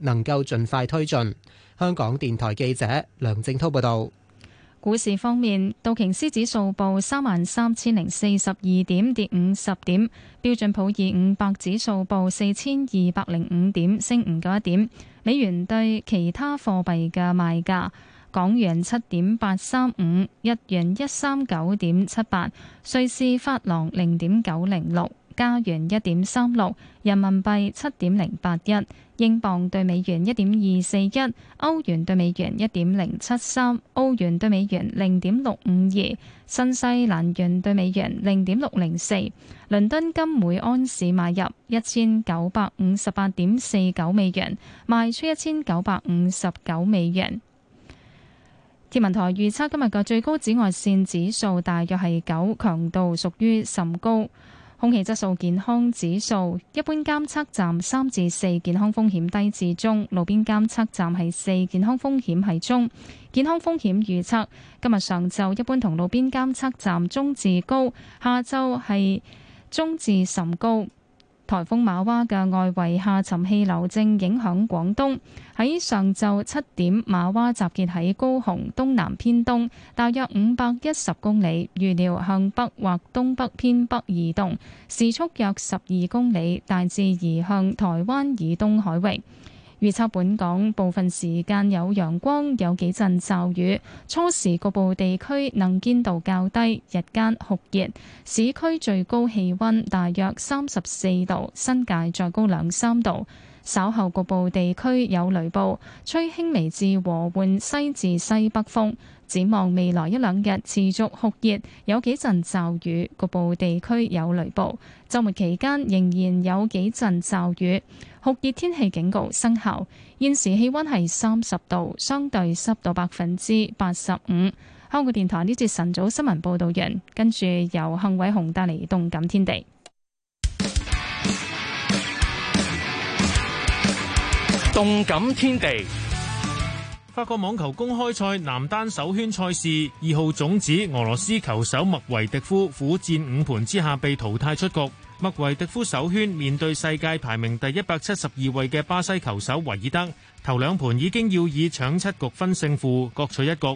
能夠盡快推進。香港電台記者梁正濤報道。股市方面，道瓊斯指數報三萬三千零四十二點，跌五十點；標準普爾五百指數報四千二百零五點，升五九一點。美元兌其他貨幣嘅賣價：港元七點八三五，日元一三九點七八，瑞士法郎零點九零六。加元一點三六，36, 人民幣七點零八一，英鎊兌美元一點二四一，歐元兌美元一點零七三，歐元兌美元零點六五二，新西蘭元兌美元零點六零四。倫敦金每安士買入一千九百五十八點四九美元，賣出一千九百五十九美元。天文台預測今日嘅最高紫外線指數大約係九，強度屬於甚高。空氣質素健康指數，一般監測站三至四，健康風險低至中；路邊監測站係四，健康風險係中。健康風險預測，今日上晝一般同路邊監測站中至高，下晝係中至甚高。颱風馬娃嘅外圍下沉氣流正影響廣東。喺上晝七點，馬娃集結喺高雄東南偏東，大約五百一十公里，預料向北或東北偏北移動，時速約十二公里，大致移向台灣以東海域。預測本港部分時間有陽光，有幾陣驟雨。初時局部地區能見度較低，日間酷熱。市區最高氣温大約三十四度，新界再高兩三度。稍後局部地區有雷暴，吹輕微至和緩，西至西北風。展望未來一兩日持續酷熱，有幾陣驟雨，局部地區有雷暴。週末期間仍然有幾陣驟雨，酷熱天氣警告生效。現時氣温係三十度，相對濕度百分之八十五。香港電台呢節晨早新聞報道完，跟住由幸偉雄帶嚟動感天地。動感天地，法國網球公開賽男單首圈賽事，二號種子俄羅斯球手麥維迪夫苦戰五盤之下被淘汰出局。麥維迪夫首圈面對世界排名第一百七十二位嘅巴西球手維爾德，頭兩盤已經要以搶七局分勝負，各取一局。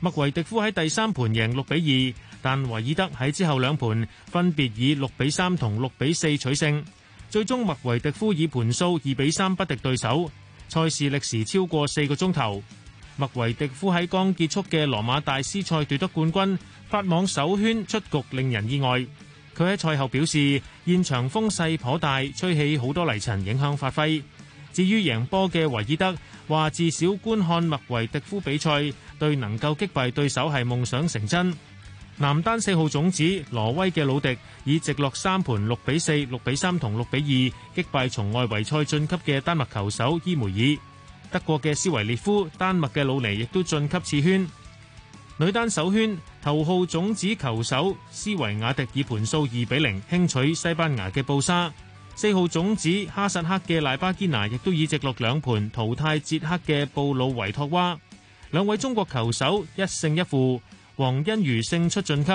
麥維迪夫喺第三盤贏六比二，但維爾德喺之後兩盤分別以六比三同六比四取勝，最終麥維迪夫以盤數二比三不敵對手。賽事歷時超過四個鐘頭，麥維迪夫喺剛結束嘅羅馬大師賽奪得冠軍，法網首圈出局令人意外。佢喺賽後表示，現場風勢頗大，吹起好多泥塵影響發揮。至於贏波嘅維爾德，話至少觀看麥維迪夫比賽，對能夠擊敗對手係夢想成真。男單四號種子挪威嘅魯迪以直落三盤六比四、六比三同六比二擊敗從外圍賽晉級嘅丹麥球手伊梅爾，德國嘅斯維列夫、丹麥嘅魯尼亦都晉級次圈。女單首圈頭號種子球手斯維亞迪以盤數二比零輕取西班牙嘅布沙。四號種子哈薩克嘅萊巴基娜亦都以直落兩盤淘汰捷克嘅布魯維托娃，兩位中國球手一勝一負。王欣瑜勝出晉級，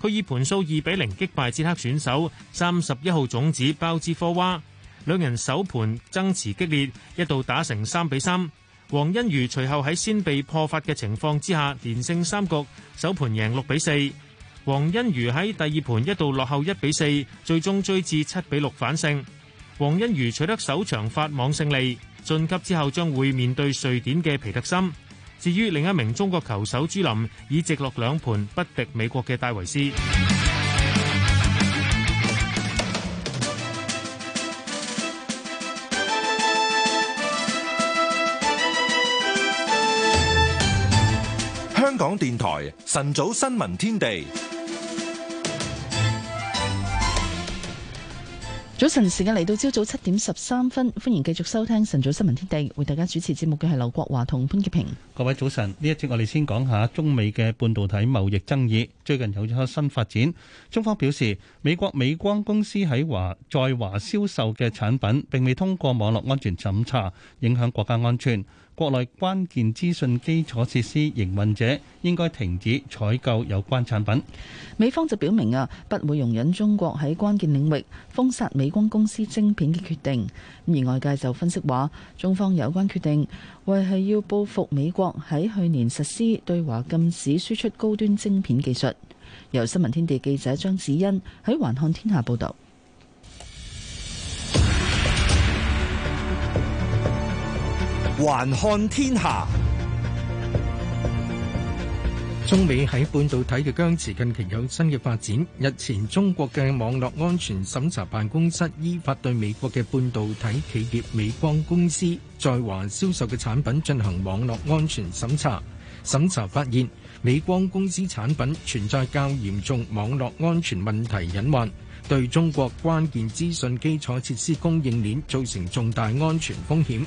佢以盤數二比零擊敗捷克選手三十一號種子包茲科娃，兩人首盤爭持激烈，一度打成三比三。王欣瑜隨後喺先被破發嘅情況之下，連勝三局，首盤贏六比四。王欣瑜喺第二盤一度落後一比四，最終追至七比六反勝。王欣瑜取得首場法網勝利，晉級之後將會面對瑞典嘅皮特森。至於另一名中國球手朱琳，以直落兩盤不敵美國嘅戴維斯。香港電台晨早新聞天地。早晨，時間嚟到朝早七點十三分，歡迎繼續收聽晨早新聞天地，為大家主持節目嘅係劉國華同潘潔平。各位早晨，呢一節我哋先講下中美嘅半導體貿易爭議，最近有咗新發展。中方表示，美國美光公司喺華在華銷售嘅產品，並未通過網絡安全審查，影響國家安全。國內關鍵資訊基礎設施營運者應該停止採購有關產品。美方就表明啊，不會容忍中國喺關鍵領域封殺美光公司晶片嘅決定。而外界就分析話，中方有關決定為係要報復美國喺去年實施對華禁止輸出高端晶片技術。由新聞天地記者張子欣喺環看天下報道。還看天下，中美喺半導體嘅僵持近期有新嘅發展。日前，中國嘅網絡安全審查辦公室依法對美國嘅半導體企業美光公司在華銷售嘅產品進行網絡安全審查，審查發現美光公司產品存在較嚴重網絡安全問題隱患，對中國關鍵資訊基礎設施供應鏈造成重大安全風險。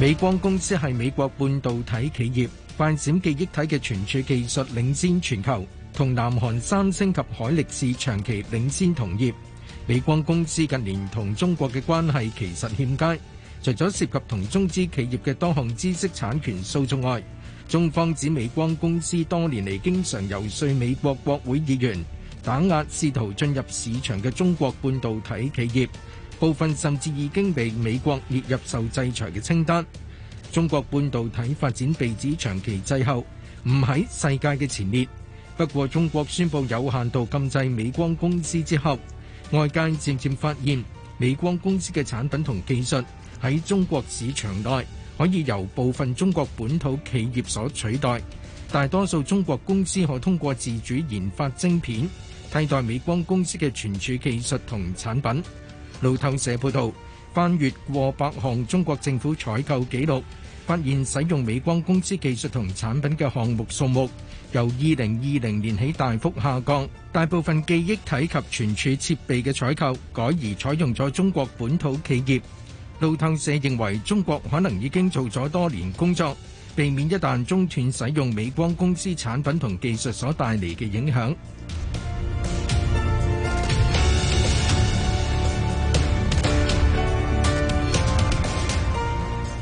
美光公司係美國半導體企業，發展記憶體嘅存儲技術領先全球，同南韓三星及海力士長期領先同業。美光公司近年同中國嘅關係其實欠佳，除咗涉及同中資企業嘅多項知識產權訴訟外，中方指美光公司多年嚟經常遊說美國國會議員，打壓試圖進入市場嘅中國半導體企業。部分甚至已經被美國列入受制裁嘅清單，中國半導體發展被指長期滯後，唔喺世界嘅前列。不過中國宣布有限度禁制美光公司之後，外界漸漸發現美光公司嘅產品同技術喺中國市場內可以由部分中國本土企業所取代。大多數中國公司可通過自主研發晶片，替代美光公司嘅存儲技術同產品。路透社報道，翻閱過百項中國政府採購記錄，發現使用美光公司技術同產品嘅項目數目由2020年起大幅下降，大部分記憶體及存儲設備嘅採購改而採用咗中國本土企業。路透社認為，中國可能已經做咗多年工作，避免一旦中斷使用美光公司產品同技術所帶嚟嘅影響。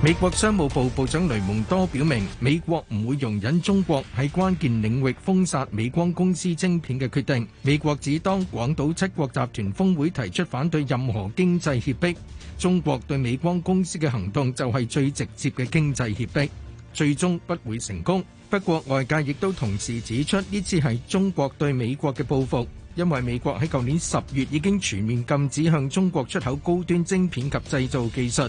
美國商務部部長雷蒙多表明，美國唔會容忍中國喺關鍵領域封殺美光公司晶片嘅決定。美國只當廣島七國集團峰會提出反對任何經濟脅迫，中國對美光公司嘅行動就係最直接嘅經濟脅迫，最終不會成功。不過外界亦都同時指出，呢次係中國對美國嘅報復，因為美國喺舊年十月已經全面禁止向中國出口高端晶片及製造技術。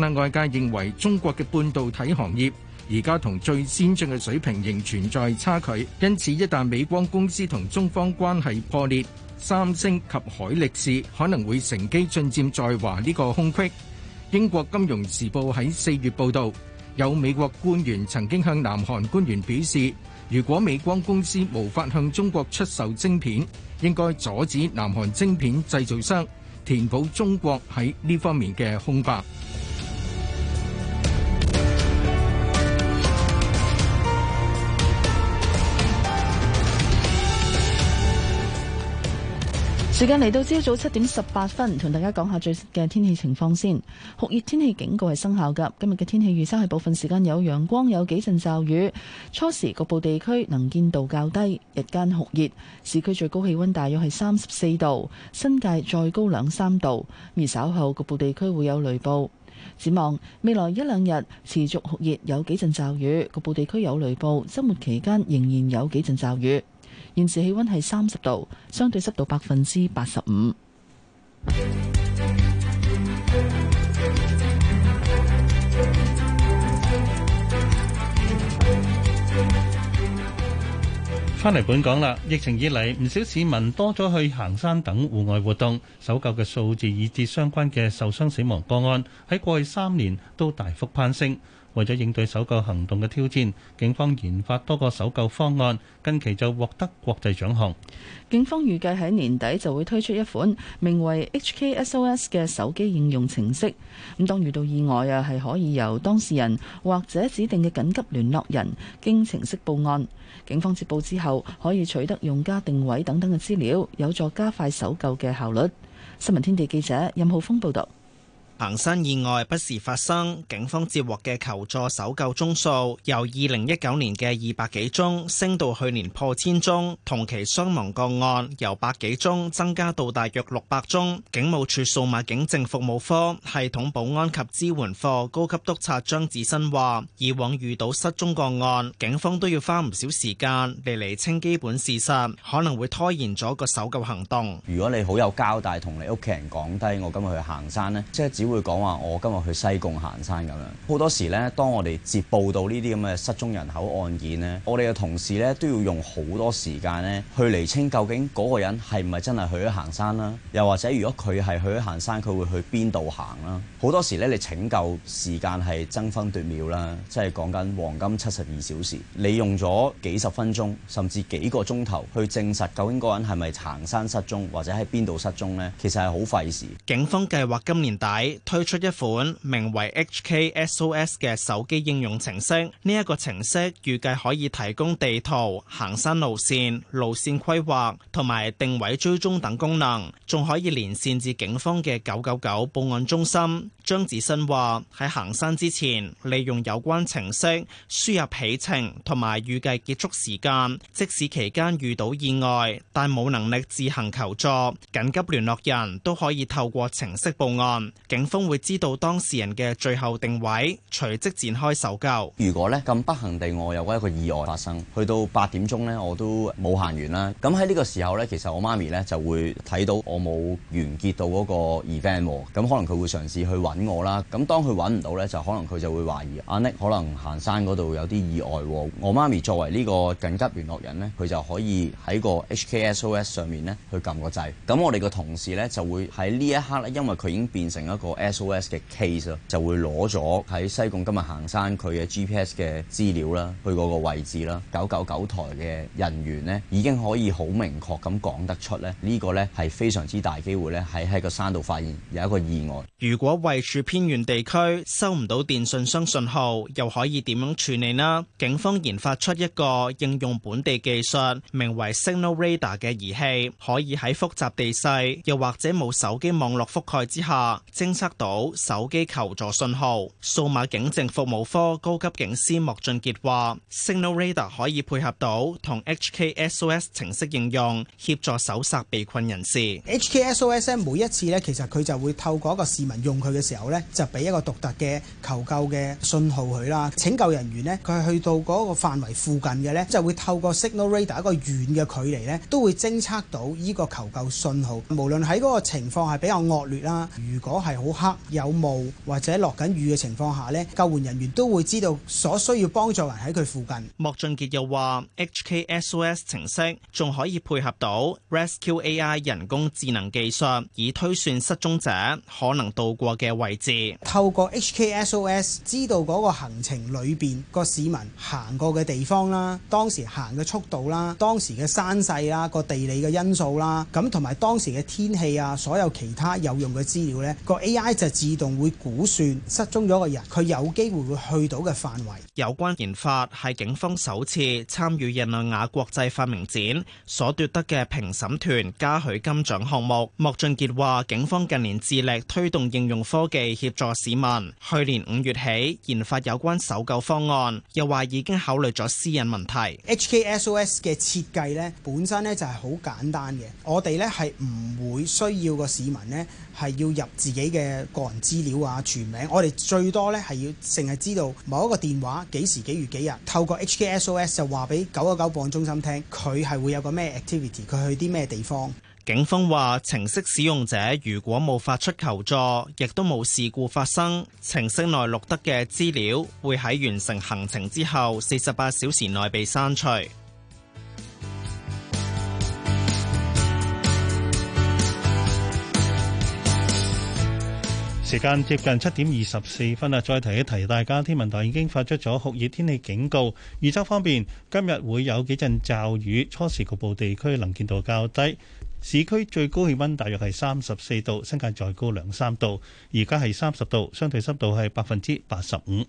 但係，外界認為中國嘅半導體行業而家同最先進嘅水平仍存在差距，因此一旦美光公司同中方關係破裂，三星及海力士可能會乘機進佔在華呢個空隙。英國金融時報喺四月報道，有美國官員曾經向南韓官員表示，如果美光公司無法向中國出售晶片，應該阻止南韓晶片製造商填補中國喺呢方面嘅空白。時間嚟到朝早七點十八分，同大家講下最新嘅天氣情況先。酷熱天氣警告係生效噶。今日嘅天氣預測係部分時間有陽光，有幾陣驟雨。初時局部地區能見度較低，日間酷熱，市區最高氣温大約係三十四度，新界再高兩三度。而稍後局部地區會有雷暴。展望未來一兩日持續酷熱，有幾陣驟雨，局部地區有雷暴。周末期間仍然有幾陣驟雨。現時氣溫係三十度，相對濕度百分之八十五。翻嚟本港啦，疫情以嚟，唔少市民多咗去行山等戶外活動，搜救嘅數字以至相關嘅受傷死亡個案，喺過去三年都大幅攀升。為咗應對搜救行動嘅挑戰，警方研發多個搜救方案，近期就獲得國際獎項。警方預計喺年底就會推出一款名為 HKSOS 嘅手機應用程式。咁當遇到意外啊，係可以由當事人或者指定嘅緊急聯絡人經程式報案。警方接報之後，可以取得用家定位等等嘅資料，有助加快搜救嘅效率。新聞天地記者任浩峰報道。行山意外不時發生，警方接獲嘅求助搜救宗數由二零一九年嘅二百幾宗升到去年破千宗，同期傷亡個案由百幾宗增加到大約六百宗。警務處數碼警政服務科系統保安及支援課高級督察張志新話：「以往遇到失蹤個案，警方都要花唔少時間嚟釐清基本事實，可能會拖延咗個搜救行動。如果你好有交代，同你屋企人講低，我今日去行山呢。」只會講話我今日去西貢行山咁樣，好多時咧，當我哋接報到呢啲咁嘅失蹤人口案件呢，我哋嘅同事咧都要用好多時間咧去釐清究竟嗰個人係唔係真係去咗行山啦，又或者如果佢係去咗行山，佢會去邊度行啦。好多時咧，你拯救時間係爭分奪秒啦，即係講緊黃金七十二小時。你用咗幾十分鐘，甚至幾個鐘頭去證實究竟嗰人係咪行山失蹤，或者喺邊度失蹤呢，其實係好費事。警方計劃今年底，推出一款名為 HKSOS 嘅手機應用程式，呢一個程式預計可以提供地圖、行山路線、路線規劃同埋定位追蹤等功能，仲可以連線至警方嘅九九九報案中心。張子新話喺行山之前，利用有關程式輸入起程同埋預計結束時間，即使期間遇到意外，但冇能力自行求助，緊急聯絡人都可以透過程式報案警。警方會知道當事人嘅最後定位，隨即展開搜救。如果咧，咁不幸地，我有嗰一個意外發生，去到八點鐘咧，我都冇行完啦。咁喺呢個時候咧，其實我媽咪咧就會睇到我冇完結到嗰個 event，咁可能佢會嘗試去揾我啦。咁當佢揾唔到咧，就可能佢就會懷疑阿 Nick 可能行山嗰度有啲意外啊。我媽咪作為呢個緊急聯絡人咧，佢就可以喺個 HK SOS 上面咧去撳個掣。咁我哋嘅同事咧就會喺呢一刻咧，因為佢已經變成一個。SOS 嘅 case 就會攞咗喺西貢今日行山佢嘅 GPS 嘅資料啦，去嗰個位置啦，九九九台嘅人員呢已經可以好明確咁講得出咧，呢個呢係非常之大機會咧，喺喺個山度發現有一個意外。如果位處偏遠地區收唔到電信商信號，又可以點樣處理呢？警方研發出一個應用本地技術，名為 Signal Radar 嘅儀器，可以喺複雜地勢又或者冇手機網絡覆蓋之下精。得到手機求助信號。數碼警政服務科高級警司莫俊杰話：Signal Radar 可以配合到同 HK SOS 程式應用，協助搜尋被困人士。HK SOS 每一次咧，其實佢就會透過一個市民用佢嘅時候咧，就俾一個獨特嘅求救嘅信號佢啦。拯救人員咧，佢去到嗰個範圍附近嘅咧，就會透過 Signal Radar 一個遠嘅距離咧，都會偵測到呢個求救信號。無論喺嗰個情況係比較惡劣啦，如果係好。黑有霧或者落緊雨嘅情況下呢，救援人員都會知道所需要幫助人喺佢附近。莫俊傑又話：HKSOS 程式仲可以配合到 Rescue AI 人工智能技術，以推算失蹤者可能到過嘅位置。透過 HKSOS 知道嗰個行程裏邊個市民行過嘅地方啦，當時行嘅速度啦，當時嘅山勢啦，個地理嘅因素啦，咁同埋當時嘅天氣啊，所有其他有用嘅資料呢。個 AI。就自動會估算失蹤咗個人，佢有機會會去到嘅範圍。有關研發係警方首次參與日內瓦國際發明展所奪得嘅評審團嘉許金獎項目。莫俊傑話：警方近年致力推動應用科技協助市民。去年五月起研發有關搜救方案，又話已經考慮咗私隱問題。H K S O S 嘅設計咧，本身咧就係好簡單嘅。我哋咧係唔會需要個市民咧係要入自己嘅。嘅個人資料啊，全名我哋最多咧係要淨係知道某一個電話，幾時幾月幾日，透過 H K S O S 就話俾九九九報案中心聽，佢係會有個咩 activity，佢去啲咩地方。警方話，程式使用者如果冇發出求助，亦都冇事故發生，程式內錄得嘅資料會喺完成行程之後四十八小時內被刪除。時間接近七點二十四分喇，再提一提大家，天文台已經發出咗酷熱天氣警告。預測方面，今日會有幾陣驟雨，初時局部地區能見度較低。市區最高氣温大約係三十四度，新界再高兩三度，而家係三十度，相對濕度係百分之八十五。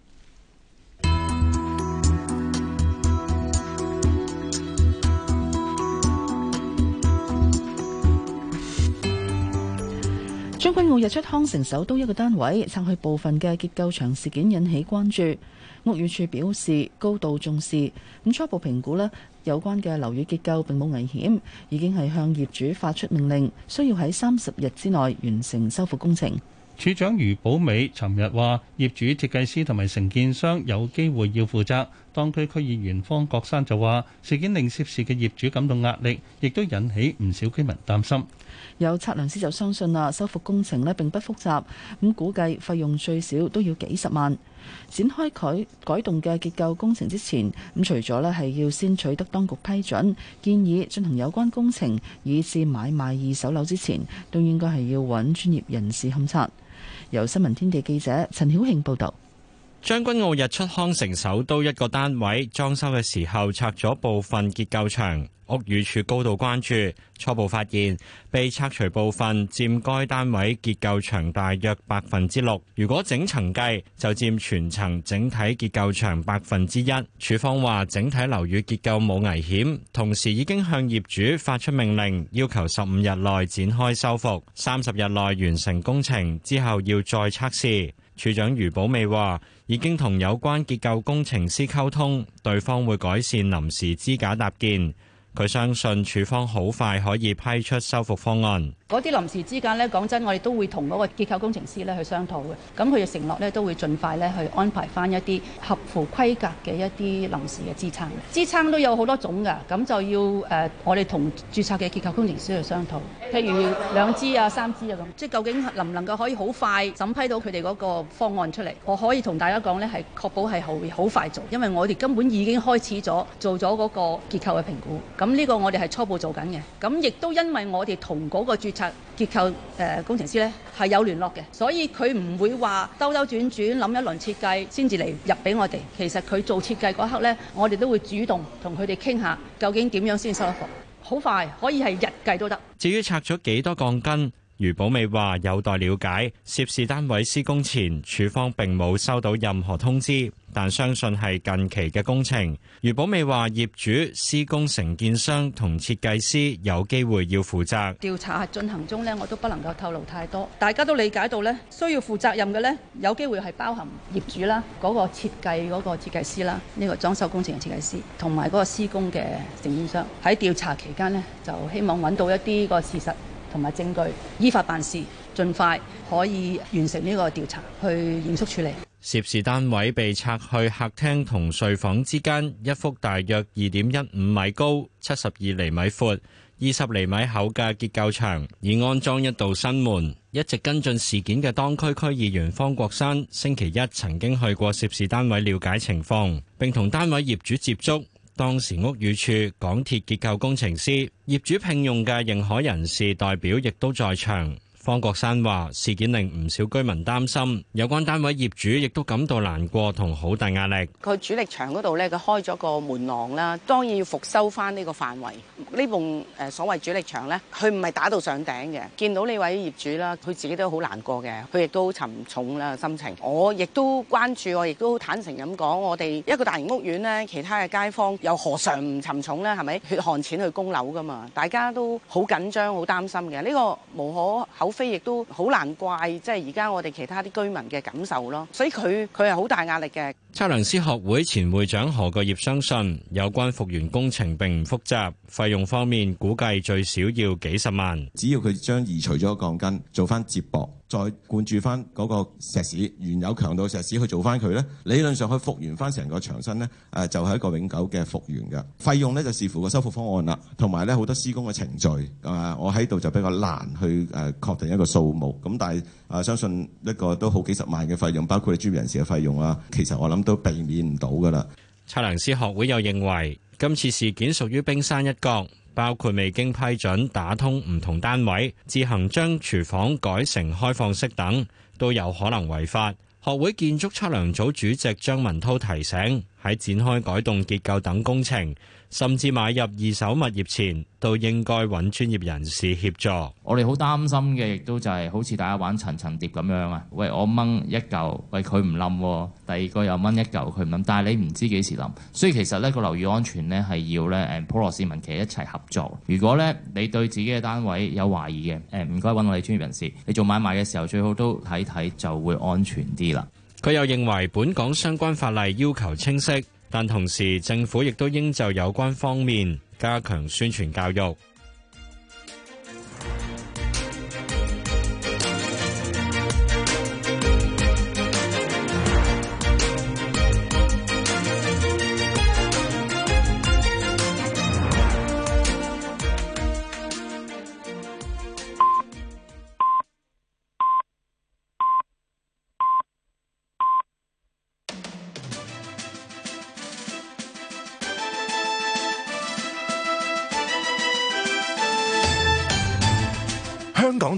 將軍澳日出康城首都一個單位拆去部分嘅結構牆，事件引起關注。屋宇署表示高度重視，咁初步評估咧有關嘅樓宇結構並冇危險，已經係向業主發出命令，需要喺三十日之內完成修復工程。署長余寶美尋日話，業主、設計師同埋承建商有機會要負責。當區區議員方國珊就話，事件令涉事嘅業主感到壓力，亦都引起唔少居民擔心。有測量師就相信啦、啊，修復工程咧並不複雜，咁估計費用最少都要幾十萬。展開改改動嘅結構工程之前，咁除咗咧係要先取得當局批准，建議進行有關工程，以至買賣二手樓之前，都應該係要揾專業人士勘測。由新聞天地記者陳曉慶報導。將軍澳日出康城首都一個單位裝修嘅時候拆咗部分結構牆，屋宇署高度關注，初步發現被拆除部分占該單位結構牆大約百分之六，如果整層計就占全層整體結構牆百分之一。署方話整體樓宇結構冇危險，同時已經向業主發出命令，要求十五日內展開修復，三十日內完成工程之後要再測試。處長余保媚話：已經同有關結構工程師溝通，對方會改善臨時支架搭建。佢相信處方好快可以批出修復方案。嗰啲臨時之間咧，講真，我哋都會同嗰個結構工程師咧去商討嘅。咁佢嘅承諾咧，都會盡快咧去安排翻一啲合乎規格嘅一啲臨時嘅支撐。支撐都有好多種㗎，咁就要誒、呃、我哋同註冊嘅結構工程師去商討。譬如兩支啊、三支啊咁。即究竟能唔能夠可以好快審批到佢哋嗰個方案出嚟？我可以同大家講咧，係確保係好好快做，因為我哋根本已經開始咗做咗嗰個結構嘅評估。咁呢個我哋係初步做緊嘅。咁亦都因為我哋同嗰個註冊結構誒工程師咧係有聯絡嘅，所以佢唔會話兜兜轉轉諗一輪設計先至嚟入俾我哋。其實佢做設計嗰刻咧，我哋都會主動同佢哋傾下究竟點樣先收得貨，好快可以係日計都得。至於拆咗幾多鋼筋？余寶美話：有待了解，涉事單位施工前，處方並冇收到任何通知，但相信係近期嘅工程。余寶美話：業主、施工承建商同設計師有機會要負責。調查進行中呢，我都不能夠透露太多。大家都理解到呢，需要負責任嘅呢，有機會係包含業主啦，嗰個設計嗰個設計師啦，呢個裝修工程嘅設計師，同埋嗰個施工嘅承建商。喺調查期間呢，就希望揾到一啲個事實。同埋證據，依法辦事，盡快可以完成呢個調查，去嚴肅處理。涉事單位被拆去客廳同睡房之間一幅大約二點一五米高、七十二厘米闊、二十厘米厚嘅結構牆，已安裝一道新門。一直跟進事件嘅當區區議員方國山，星期一曾經去過涉事單位了解情況，並同單位業主接觸。當時屋宇署港鐵結構工程師、業主聘用嘅認可人士代表亦都在場。方國山話：事件令唔少居民擔心，有關單位業主亦都感到難過同好大壓力。佢主力牆嗰度咧，佢開咗個門廊啦，當然要復修翻呢個範圍。呢埲，誒所謂主力牆咧，佢唔係打到上頂嘅。見到呢位業主啦，佢自己都好難過嘅，佢亦都好沉重啦心情。我亦都關注，我亦都坦誠咁講，我哋一個大型屋苑咧，其他嘅街坊又何嘗唔沉重咧？係咪血汗錢去供樓噶嘛？大家都好緊張、好擔心嘅。呢個無可口。非亦都好難怪，即係而家我哋其他啲居民嘅感受咯，所以佢佢係好大壓力嘅。測量師學會前會長何國業相信，有關復原工程並唔複雜，費用方面估計最少要幾十萬。只要佢將移除咗鋼筋，做翻接駁，再灌注翻嗰個石屎，原有強度石屎去做翻佢，呢理論上去復原翻成個牆身呢，誒就係一個永久嘅復原嘅費用呢，就視乎個修復方案啦，同埋呢，好多施工嘅程序，啊，我喺度就比較難去誒確定一個數目，咁但係啊相信一個都好幾十萬嘅費用，包括專業人士嘅費用啊，其實我諗都避免唔到噶啦。測量師學會又認為今次事件屬於冰山一角。包括未經批准打通唔同單位、自行將廚房改成開放式等，都有可能違法。學會建築測量組主席張文滔提醒，喺展開改動結構等工程，甚至買入二手物業前，都應該揾專業人士協助。我哋好擔心嘅，亦都就係好似大家玩層層疊咁樣啊！喂，我掹一嚿，喂佢唔冧喎，第二個又掹一嚿，佢唔冧，但係你唔知幾時冧。所以其實呢，個樓宇安全呢係要呢，普羅市民其實一齊合作。如果呢，你對自己嘅單位有懷疑嘅，唔該揾我哋專業人士。你做買賣嘅時候，最好都睇睇就會安全啲啦。佢又認為本港相關法例要求清晰。但同時，政府亦都應就有關方面加強宣傳教育。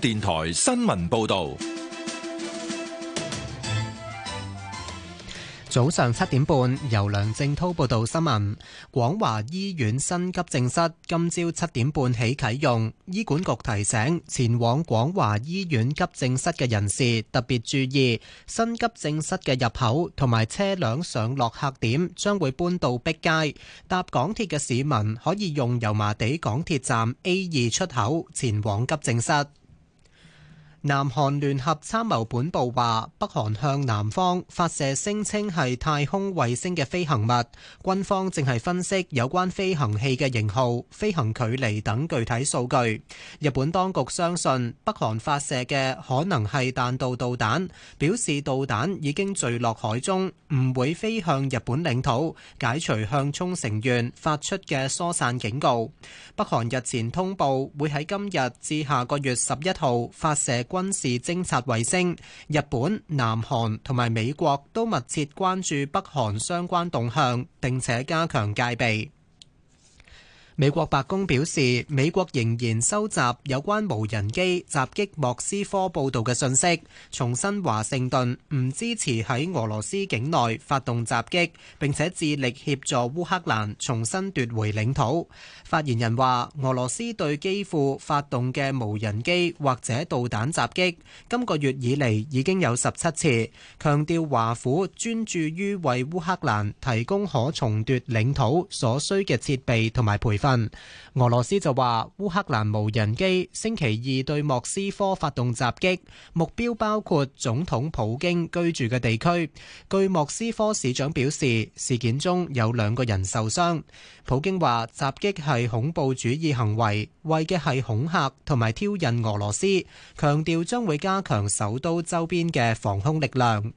電台新聞報道，早上七點半由梁正濤報道新聞。廣華醫院新急症室今朝七點半起啟用，醫管局提醒前往廣華醫院急症室嘅人士特別注意，新急症室嘅入口同埋車輛上落客點將會搬到碧街。搭港鐵嘅市民可以用油麻地港鐵站 A 二出口前往急症室。南韓聯合參謀本部話，北韓向南方發射聲稱係太空衛星嘅飛行物，軍方正係分析有關飛行器嘅型號、飛行距離等具體數據。日本當局相信北韓發射嘅可能係彈道導彈，表示導彈已經墜落海中，唔會飛向日本領土，解除向沖繩縣發出嘅疏散警告。北韓日前通報會喺今日至下個月十一號發射。軍事偵察衛星，日本、南韓同埋美國都密切關注北韓相關動向，並且加強戒備。美國白宮表示，美國仍然收集有關無人機襲擊莫斯科報導嘅信息，重申華盛頓唔支持喺俄羅斯境內發動襲擊，並且致力協助烏克蘭重新奪回領土。發言人話：俄羅斯對基輔發動嘅無人機或者導彈襲擊，今個月以嚟已經有十七次。強調華府專注於為烏克蘭提供可重奪領土所需嘅設備同埋培訓。俄羅斯就話烏克蘭無人機星期二對莫斯科發動襲擊，目標包括總統普京居住嘅地區。據莫斯科市長表示，事件中有兩個人受傷。普京話襲擊係恐怖主義行為，為嘅係恐嚇同埋挑釁俄羅斯，強調將會加強首都周邊嘅防空力量。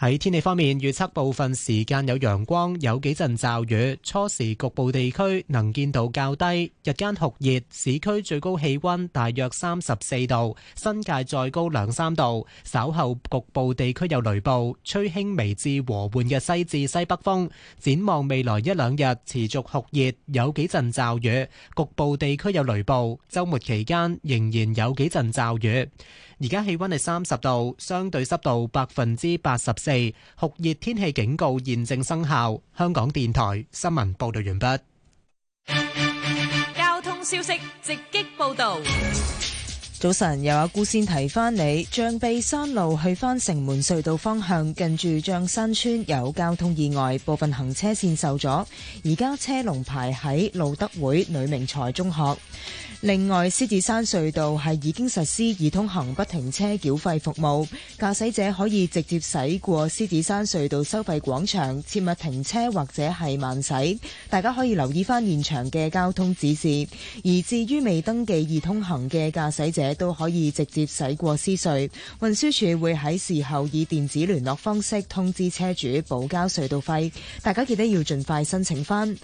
喺天氣方面，預測部分時間有陽光，有幾陣驟雨。初時局部地區能見度較低，日間酷熱，市區最高氣溫大約三十四度，新界再高兩三度。稍後局部地區有雷暴，吹輕微至和緩嘅西至西北風。展望未來一兩日持續酷熱，有幾陣驟雨，局部地區有雷暴。周末期間仍然有幾陣驟雨。而家氣溫係三十度，相對濕度百分之八十四，酷熱天氣警告現正生效。香港電台新聞報道完畢。交通消息直擊報道。早晨，有阿姑先提翻你，象鼻山路去翻城門隧道方向，近住象山邨有交通意外，部分行車線受阻，而家車龍排喺路德會呂明才中學。另外，獅子山隧道係已經實施易通行不停車繳費服務，駕駛者可以直接駛過獅子山隧道收費廣場，切勿停車或者係慢駛，大家可以留意翻現場嘅交通指示。而至於未登記易通行嘅駕駛者，都可以直接駛過獅隧。運輸署會喺事後以電子聯絡方式通知車主補交隧道費，大家記得要盡快申請翻。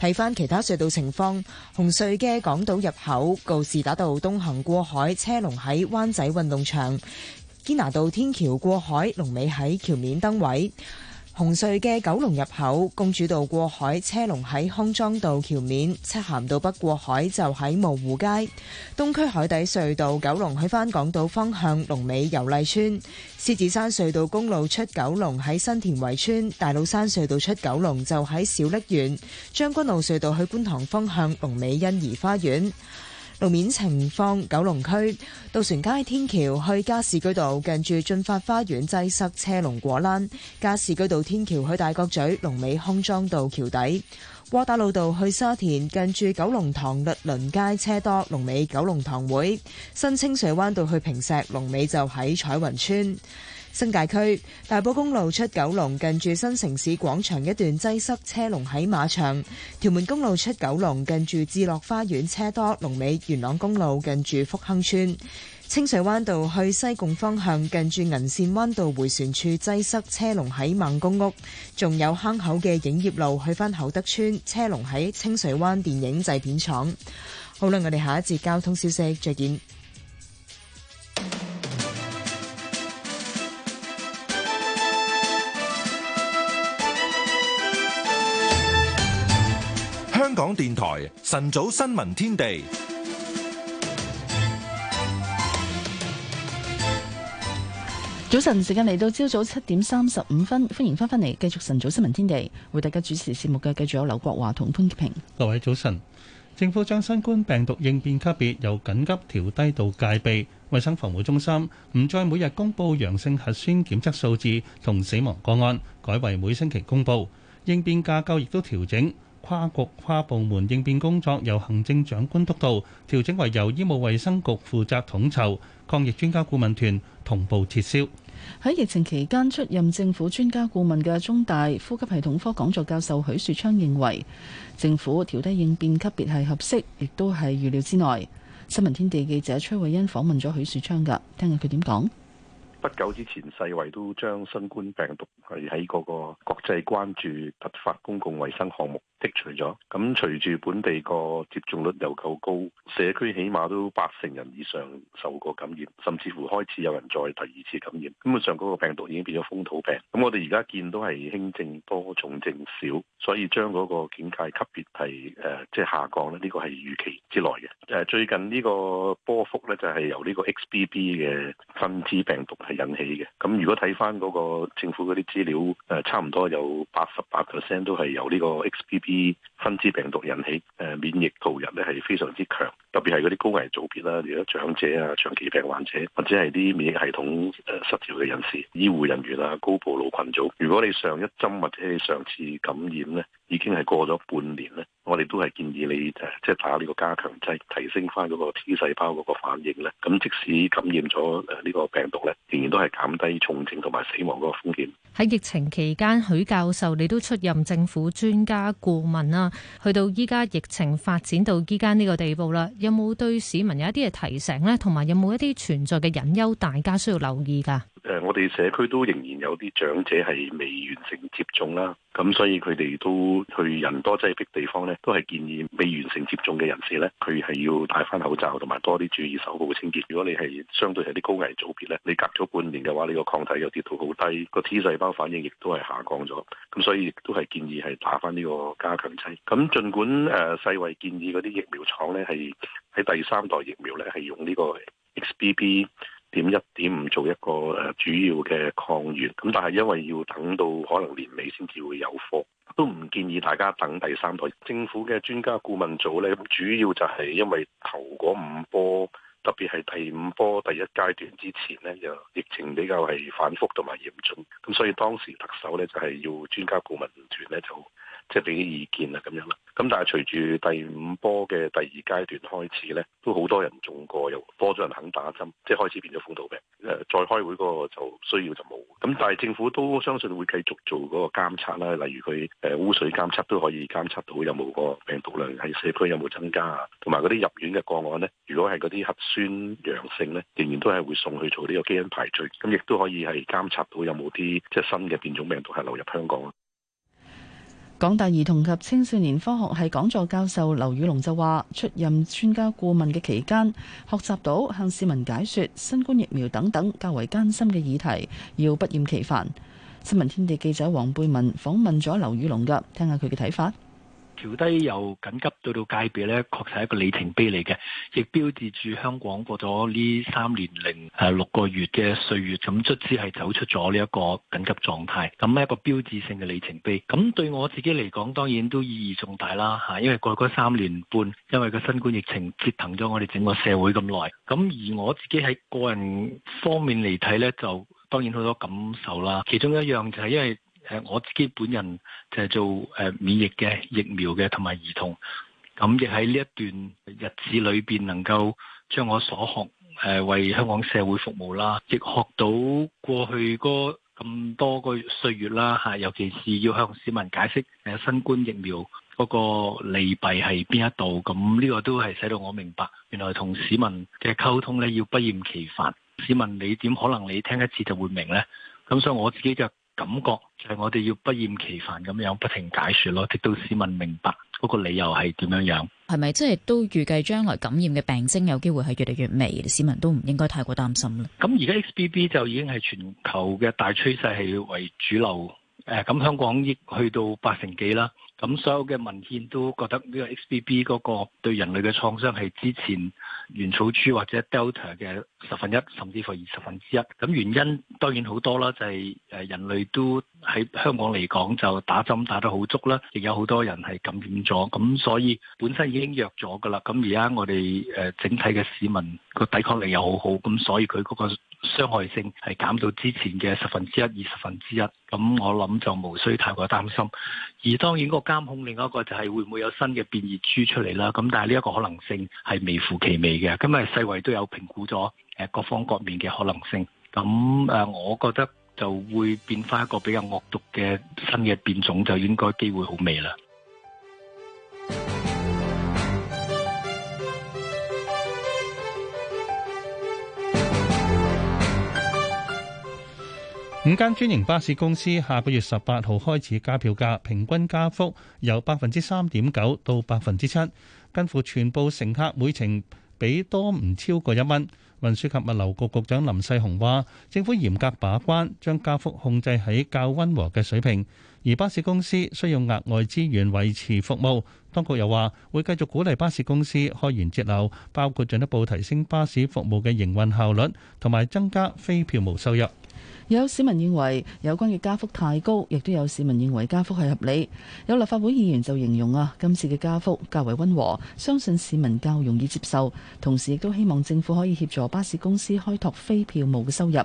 睇翻其他隧道情況，紅隧嘅港島入口告士打道東行過海車龍喺灣仔運動場，堅拿道天橋過海龍尾喺橋面燈位。紅隧嘅九龍入口，公主道過海車龍喺康莊道橋面；漆咸道北過海就喺蕪湖街。東區海底隧道九龍去翻港島方向，龍尾油麗村；獅子山隧道公路出九龍喺新田圍村；大老山隧道出九龍就喺小瀝源；將軍澳隧道去觀塘方向，龍尾欣怡花園。路面情況：九龍區渡船街天橋去加士居道，近住進發花園擠塞車龍果欄；加士居道天橋去大角咀龍尾康莊道橋底；窩打老道去沙田近住九龍塘律倫街車多，龍尾九龍塘會；新清水灣道去坪石龍尾就喺彩雲村。新界區大埔公路出九龍近住新城市廣場一段擠塞車龍喺馬場，屯門公路出九龍近住置樂花園車多，龍尾元朗公路近住福亨村，清水灣道去西貢方向近住銀線灣道迴旋處擠塞車龍喺孟公屋，仲有坑口嘅影業路去返厚德村車龍喺清水灣電影製片廠。好啦，我哋下一節交通消息，再見。台晨早新聞天地，早晨，時間嚟到朝早七點三十五分，歡迎翻返嚟，繼續晨早新聞天地，為大家主持節目嘅，繼續有劉國華同潘潔平。各位早晨，政府將新冠病毒應變級別由緊急調低到戒備，衛生防護中心唔再每日公布陽性核酸檢測數字同死亡個案，改為每星期公布，應變架構亦都調整。跨局跨部門應變工作由行政長官督導，調整為由醫務衛生局負責統籌，抗疫專家顧問團同步撤銷。喺疫情期間出任政府專家顧問嘅中大呼吸系統科講座教授許樹昌認為，政府調低應變級別係合適，亦都係預料之內。新聞天地記者崔慧欣訪問咗許樹昌㗎，聽下佢點講。不久之前，世衛都將新冠病毒係喺嗰個國際關注突發公共衛生項目剔除咗。咁隨住本地個接種率又夠高，社區起碼都八成人以上受過感染，甚至乎開始有人再第二次感染。基本上嗰個病毒已經變咗風土病。咁我哋而家見到，係輕症多，重症少，所以將嗰個警戒級別係誒即係下降咧。呢、這個係預期之內嘅。誒、呃、最近呢個波幅咧就係由呢個 XBB 嘅分支病毒。引起嘅，咁如果睇翻嗰個政府嗰啲資料，誒差唔多有八十八 percent 都係由呢個 XBB 分支病毒引起，誒、呃、免疫逃逸咧係非常之強，特別係嗰啲高危組別啦，例如長者啊、長期病患者或者係啲免疫系統誒失調嘅人士、醫護人員啊、高暴露群組。如果你上一針或者你上次感染咧，已經係過咗半年咧，我哋都係建議你誒，即係打呢個加強劑，提升翻嗰個 T 細胞嗰個反應咧。咁即使感染咗誒呢個病毒咧，仍然都係減低重症同埋死亡嗰個風險。喺疫情期間，許教授你都出任政府專家顧問啊。去到依家疫情發展到依家呢個地步啦，有冇對市民有一啲嘅提醒呢？同埋有冇一啲存在嘅隱憂，大家需要留意噶？誒，我哋社區都仍然有啲長者係未完成接種啦，咁所以佢哋都去人多擠迫地方呢，都係建議未完成接種嘅人士呢，佢係要戴翻口罩，同埋多啲注意手部嘅清潔。如果你係相對係啲高危組別呢，你隔咗半年嘅話，你個抗體有跌到好低，個 T 細，包反應亦都係下降咗，咁所以亦都係建議係打返呢個加強劑。咁儘管誒、呃、世衞建議嗰啲疫苗廠呢係喺第三代疫苗呢係用呢個 XBB. 點一點五做一個誒主要嘅抗原，咁但係因為要等到可能年尾先至會有貨，都唔建議大家等第三代。政府嘅專家顧問組呢，主要就係因為頭嗰五波。特別係第五波第一階段之前呢，就疫情比較係反覆同埋嚴重，咁所以當時特首呢，就係、是、要專家顧問團呢就。即係俾啲意見啊，咁樣啦。咁但係隨住第五波嘅第二階段開始咧，都好多人中過，又多咗人肯打針，即係開始變咗風土病。誒，再開會嗰個就需要就冇。咁但係政府都相信會繼續做嗰個監測啦，例如佢誒，污水監測都可以監測到有冇個病毒量喺社區有冇增加啊，同埋嗰啲入院嘅個案咧，如果係嗰啲核酸陽性咧，仍然都係會送去做呢個基因排序，咁亦都可以係監測到有冇啲即係新嘅變種病毒係流入香港。港大兒童及青少年科學系講座教授劉宇龍就話：出任專家顧問嘅期間，學習到向市民解説新冠疫苗等等較為艱辛嘅議題，要不厭其煩。新聞天地記者黃貝文訪問咗劉宇龍㗎，聽下佢嘅睇法。調低由緊急到到戒備咧，確實係一個里程碑嚟嘅，亦標誌住香港過咗呢三年零誒六個月嘅歲月，咁卒之係走出咗呢一個緊急狀態，咁呢一個標誌性嘅里程碑。咁對我自己嚟講，當然都意義重大啦嚇，因為過去嗰三年半，因為個新冠疫情折騰咗我哋整個社會咁耐。咁而我自己喺個人方面嚟睇咧，就當然好多感受啦。其中一樣就係因為。誒我自己本人就係做誒免疫嘅疫苗嘅，同埋兒童，咁亦喺呢一段日子裏邊，能夠將我所學誒為香港社會服務啦，亦學到過去咁多個歲月啦嚇，尤其是要向市民解釋誒新冠疫苗嗰個利弊係邊一度，咁呢個都係使到我明白，原來同市民嘅溝通咧要不厭其煩。市民你點可能你聽一次就會明呢？咁所以我自己就。感覺就係我哋要不厭其煩咁樣不停解說咯，直到市民明白嗰個理由係點樣樣。係咪即係都預計將來感染嘅病徵有機會係越嚟越微，市民都唔應該太過擔心啦。咁而家 XBB 就已經係全球嘅大趨勢，係為主流，誒、呃、咁香港亦去到八成幾啦。咁所有嘅文獻都覺得呢個 XBB 嗰個對人類嘅創傷係之前原始株或者 Delta 嘅十分一甚至乎二十分之一。咁原因當然好多啦，就係、是、誒人類都喺香港嚟講就打針打得好足啦，亦有好多人係感染咗，咁所以本身已經弱咗噶啦。咁而家我哋誒整體嘅市民個抵抗力又好好，咁所以佢嗰、那個。傷害性係減到之前嘅十分之一、二十分之一，咁我諗就無需太過擔心。而當然個監控，另外一個就係會唔會有新嘅變異株出嚟啦？咁但係呢一個可能性係微乎其微嘅，咁啊世衛都有評估咗誒各方各面嘅可能性。咁誒，我覺得就會變化一個比較惡毒嘅新嘅變種，就應該機會好微啦。五間專營巴士公司下個月十八號開始加票價，平均加幅由百分之三點九到百分之七，近乎全部乘客每程俾多唔超過一蚊。運輸及物流局局長林世雄話：政府嚴格把關，將加幅控制喺較温和嘅水平。而巴士公司需要額外資源維持服務，當局又話會繼續鼓勵巴士公司開源節流，包括進一步提升巴士服務嘅營運效率，同埋增加非票務收入。有市民認為有關嘅加幅太高，亦都有市民認為加幅係合理。有立法會議員就形容啊，今次嘅加幅較為温和，相信市民較容易接受。同時亦都希望政府可以協助巴士公司開拓非票務嘅收入。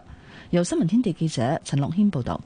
由新聞天地記者陳樂軒報道。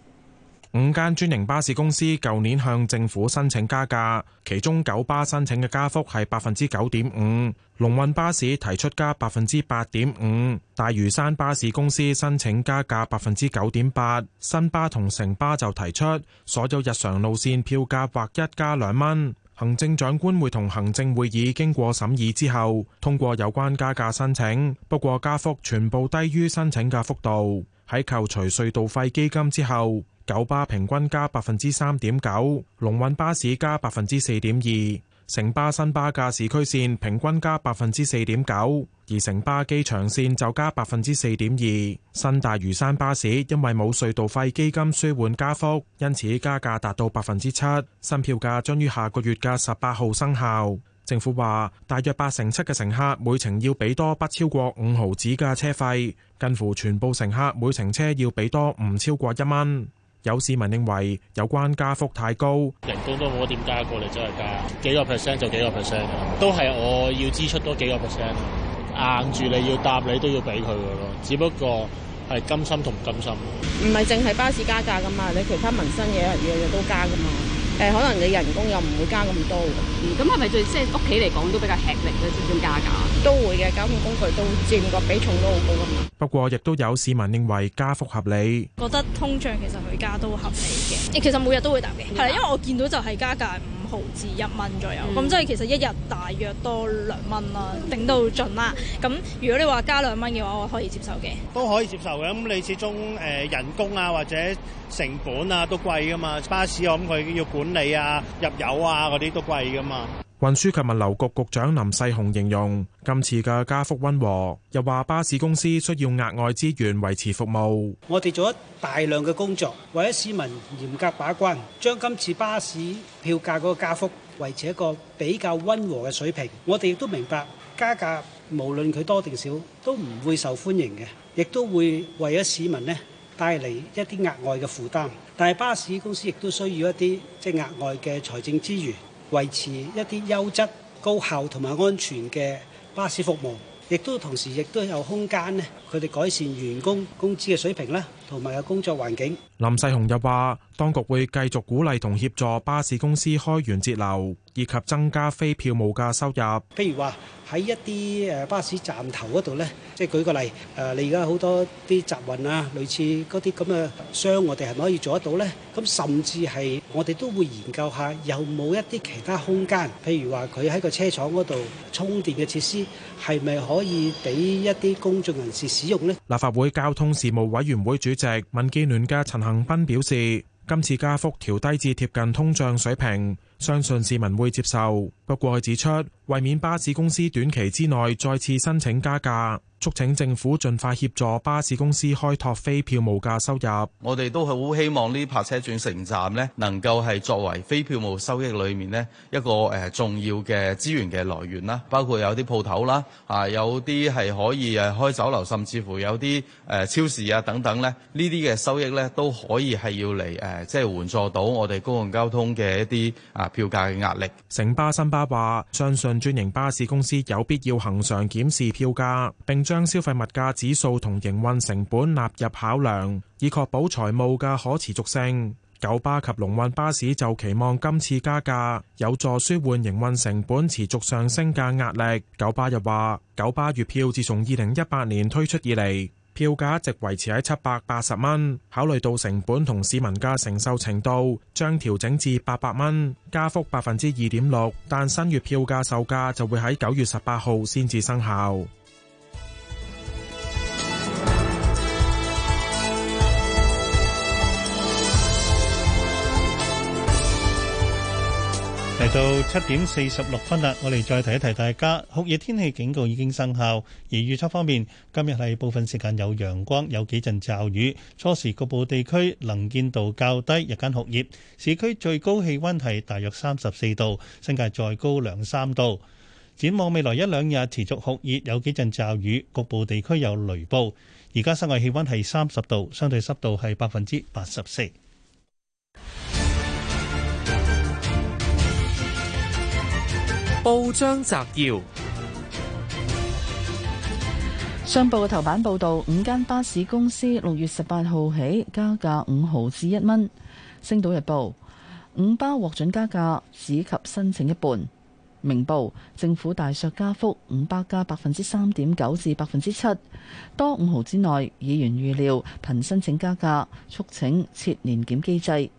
五間專營巴士公司舊年向政府申請加價，其中九巴申請嘅加幅係百分之九點五，龍運巴士提出加百分之八點五，大嶼山巴士公司申請加價百分之九點八，新巴同城巴就提出所有日常路線票價或一加兩蚊。行政長官會同行政會議經過審議之後，通過有關加價申請，不過加幅全部低於申請嘅幅度。喺扣除隧道費基金之後，九巴平均加百分之三點九，龍運巴士加百分之四點二，城巴新巴嘅市區綫平均加百分之四點九，而城巴機場綫就加百分之四點二。新大嶼山巴士因為冇隧道費基金舒緩加幅，因此加價達到百分之七，新票價將於下個月嘅十八號生效。政府話大約八成七嘅乘客每程要俾多不超過五毫子嘅車費，近乎全部乘客每程車要俾多唔超過一蚊。有市民認為有關加幅太高，人工都冇點加過嚟，你真係加幾個 percent 就幾個 percent，都係我要支出多幾個 percent，硬住你要答你都要俾佢噶咯，只不過係甘心同唔甘心。唔係淨係巴士加價噶嘛，你其他民生嘢日日都加噶嘛。誒，可能你人工又唔會加咁多嘅，咁係咪即係屋企嚟講都比較吃力咧唔先加價？都會嘅，交通工具都佔個比重都好高嘛。不過亦都有市民認為加幅合理，覺得通脹其實佢加都合理嘅。 其實每日都會答嘅，係啊， 因為我見到就係加價毫至一蚊左右，咁即係其實一日大約多兩蚊啦，頂到盡啦。咁如果你話加兩蚊嘅話，我可以接受嘅，都可以接受嘅。咁你始終誒、呃、人工啊或者成本啊都貴㗎嘛，巴士我諗佢要管理啊入油啊嗰啲都貴㗎嘛。運輸及物流局局長林世雄形容今次嘅加幅溫和，又話巴士公司需要額外資源維持服務。我哋做咗大量嘅工作，為咗市民嚴格把關，將今次巴士票價嗰個加幅維持一個比較溫和嘅水平。我哋亦都明白加價無論佢多定少都唔會受歡迎嘅，亦都會為咗市民呢帶嚟一啲額外嘅負擔。但係巴士公司亦都需要一啲即係額外嘅財政資源。維持一啲優質、高效同埋安全嘅巴士服務，亦都同時亦都有空間咧，佢哋改善員工工資嘅水平啦，同埋有工作環境。林世雄又話，當局會繼續鼓勵同協助巴士公司開源節流，以及增加非票務嘅收入。譬如話，喺一啲誒巴士站頭嗰度咧，即係舉個例，誒你而家好多啲集運啊，類似嗰啲咁嘅箱，我哋係咪可以做得到咧？咁甚至係我哋都會研究下，有冇一啲其他空間，譬如話佢喺個車廠嗰度充電嘅設施，係咪可以俾一啲公眾人士使用咧？立法會交通事務委員會主席民建聯嘅陳恒鑌表示，今次加幅調低至貼近通脹水平。相信市民會接受，不過佢指出，為免巴士公司短期之內再次申請加價，促請政府盡快協助巴士公司開拓非票務價收入。我哋都好希望呢，泊車轉乘站呢能夠係作為非票務收益裏面呢一個誒重要嘅資源嘅來源啦，包括有啲鋪頭啦，啊有啲係可以誒開酒樓，甚至乎有啲誒超市啊等等咧，呢啲嘅收益呢都可以係要嚟誒，即係援助到我哋公共交通嘅一啲啊。票價嘅壓力，城巴新巴話相信專營巴士公司有必要恒常檢視票價，並將消費物價指數同營運成本納入考量，以確保財務嘅可持續性。九巴及龍運巴士就期望今次加價有助舒緩營運成本持續上升嘅壓力。九巴又話，九巴月票自從二零一八年推出以嚟。票價一直維持喺七百八十蚊，考慮到成本同市民嘅承受程度，將調整至八百蚊，加幅百分之二點六，但新月票價售價就會喺九月十八號先至生效。嚟到七點四十六分啦，我哋再提一提大家酷熱天氣警告已經生效。而預測方面，今日係部分時間有陽光，有幾陣驟雨。初時局部地區能見度較低，日間酷熱。市區最高氣溫係大約三十四度，新界再高兩三度。展望未來一兩日持續酷熱，有幾陣驟雨，局部地區有雷暴。而家室外氣溫係三十度，相對濕度係百分之八十四。報章摘要：商報嘅頭版報道五間巴士公司六月十八號起加價五毫至一蚊。星島日報五巴獲准加價只及申請一半。明報政府大削加幅，五巴加百分之三點九至百分之七，多五毫之內。議員預料憑申請加價，促請設年檢機制。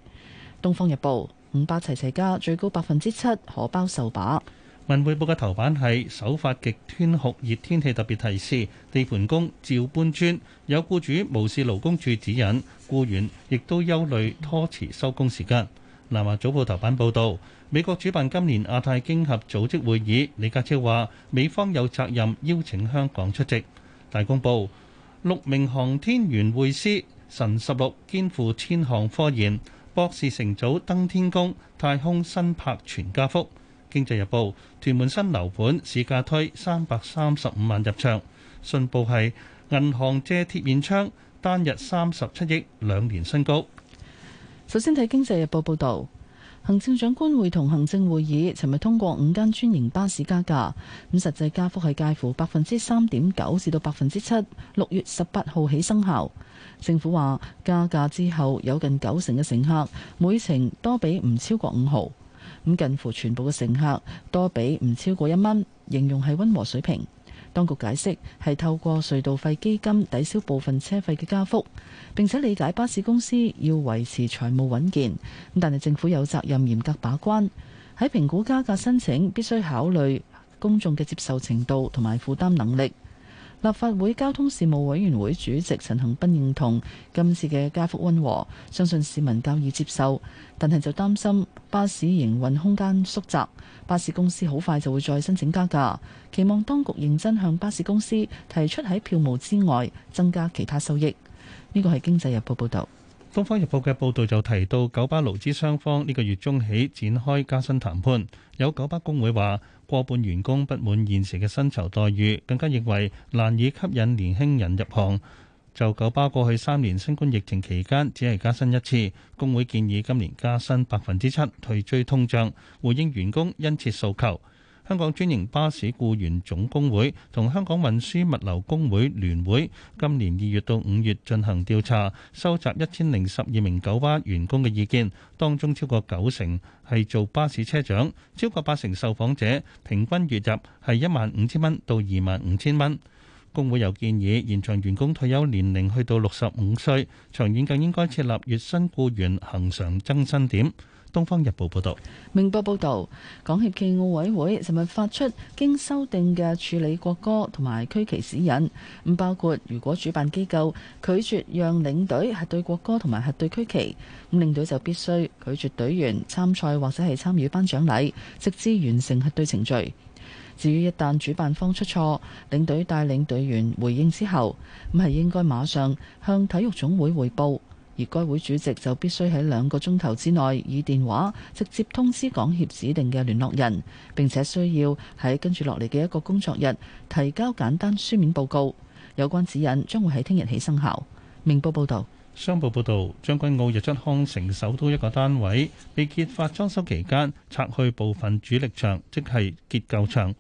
東方日報五巴齊齊加最高百分之七，可包售把。文匯報嘅頭版係首發極端酷熱天氣特別提示，地盤工照搬磚，有雇主無視勞工處指引，雇員亦都憂慮拖遲收工時間。南華早報頭版報導，美國主辦今年亞太經合組織會議，李家超話美方有責任邀請香港出席。大公報六名航天員會師神十六，肩負千項科研，博士成組登天宮，太空新拍全家福。經濟日報屯門新樓盤市價推三百三十五萬入場，信報係銀行借貼面窗單日三十七億兩年新高。首先睇經濟日報報導，行政長官會同行政會議尋日通過五間專營巴士加價，咁實際加幅係介乎百分之三點九至到百分之七，六月十八號起生效。政府話加價之後有近九成嘅乘客每程多俾唔超過五毫。咁近乎全部嘅乘客多俾唔超過一蚊，形容係温和水平。當局解釋係透過隧道費基金抵消部分車費嘅加幅，並且理解巴士公司要維持財務穩健。咁但係政府有責任嚴格把關，喺評估加價申請必須考慮公眾嘅接受程度同埋負擔能力。立法會交通事務委員會主席陳恒斌認同，今次嘅加幅溫和，相信市民較易接受，但係就擔心巴士營運空間縮窄，巴士公司好快就會再申請加價，期望當局認真向巴士公司提出喺票務之外增加其他收益。呢個係《經濟日報》報導。《東方日報》嘅報導就提到，九巴勞資雙方呢個月中起展開加薪談判。有九巴工會話，過半員工不滿現時嘅薪酬待遇，更加認為難以吸引年輕人入行。就九巴過去三年新冠疫情期間，只係加薪一次。工會建議今年加薪百分之七，退追通脹，回應員工殷切訴求。香港專營巴士雇員總工會同香港運輸物流工會聯會今年二月到五月進行調查，收集一千零十二名九巴員工嘅意見，當中超過九成係做巴士車長，超過八成受訪者，平均月入係一萬五千蚊到二萬五千蚊。工會又建議延長員工退休年齡去到六十五歲，長遠更應該設立月薪雇員恒常增薪點。東方日報》報道：明報》報道，港協暨奧委會尋日發出經修訂嘅處理國歌同埋區旗指引，包括如果主辦機構拒絕讓領隊核對國歌同埋核對區旗，咁領隊就必須拒絕隊員參賽或者係參與頒獎禮，直至完成核對程序。至於一旦主辦方出錯，領隊帶領隊員回應之後，咁係應該馬上向體育總會彙報。而該會主席就必須喺兩個鐘頭之內以電話直接通知港協指定嘅聯絡人，並且需要喺跟住落嚟嘅一個工作日提交簡單書面報告。有關指引將會喺聽日起生效。明報報導，商報報導，將軍澳日出康城首都一個單位被揭發裝修期間拆去部分主力牆，即係結構牆。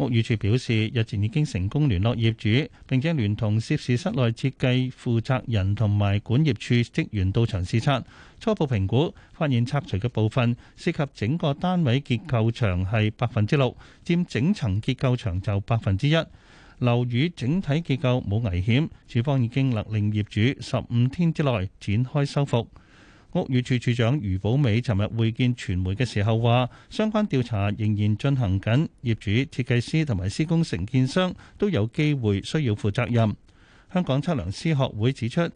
屋宇署表示，日前已經成功聯絡業主，並且聯同涉事室內設計負責人同埋管業處職員到場視察，初步評估發現拆除嘅部分涉及整個單位結構牆係百分之六，佔整層結構牆就百分之一。樓宇整體結構冇危險，處方已經勒令業主十五天之內展開修復。屋宇署署長余寶美尋日會見傳媒嘅時候話，相關調查仍然進行緊，業主、設計師同埋施工承建商都有機會需要負責任。香港測量師學會指出，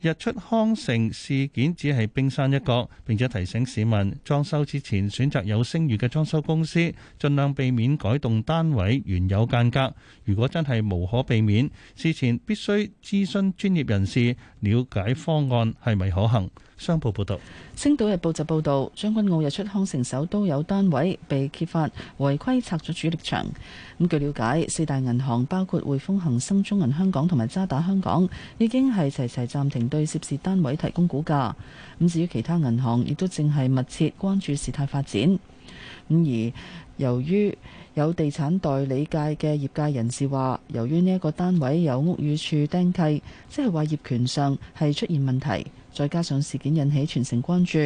日出康城事件只係冰山一角，並且提醒市民裝修之前選擇有聲譽嘅裝修公司，盡量避免改動單位原有間隔。如果真係無可避免，事前必須諮詢專業人士，了解方案係咪可行。商報報道，《星島日報》就報道將軍澳日出康城，首都有單位被揭發違規拆咗主力牆。咁據了解，四大銀行包括匯豐、恒生、中銀香港同埋渣打香港，已經係齊齊暫停對涉事單位提供估價。咁至於其他銀行，亦都正係密切關注事態發展。咁而由於有地產代理界嘅業界人士話，由於呢一個單位有屋宇署釘契，即係話業權上係出現問題。再加上事件引起全城關注，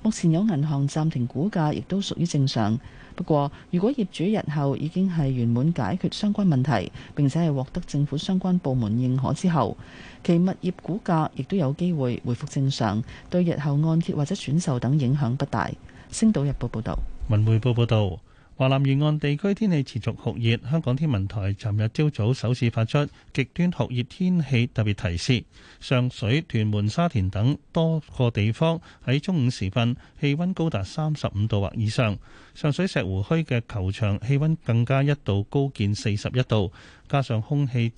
目前有銀行暫停股價亦都屬於正常。不過，如果業主日後已經係圓滿解決相關問題，並且係獲得政府相關部門認可之後，其物業股價亦都有機會回復正常，對日後按揭或者轉售等影響不大。星島日報報道。文匯報報導。華南沿岸地區天氣持續酷熱，香港天文台尋日朝早首次發出極端酷熱天氣特別提示。上水、屯門、沙田等多個地方喺中午時分氣溫高達三十五度或以上，上水石湖墟嘅球場氣溫更加一度高見四十一度，加上空氣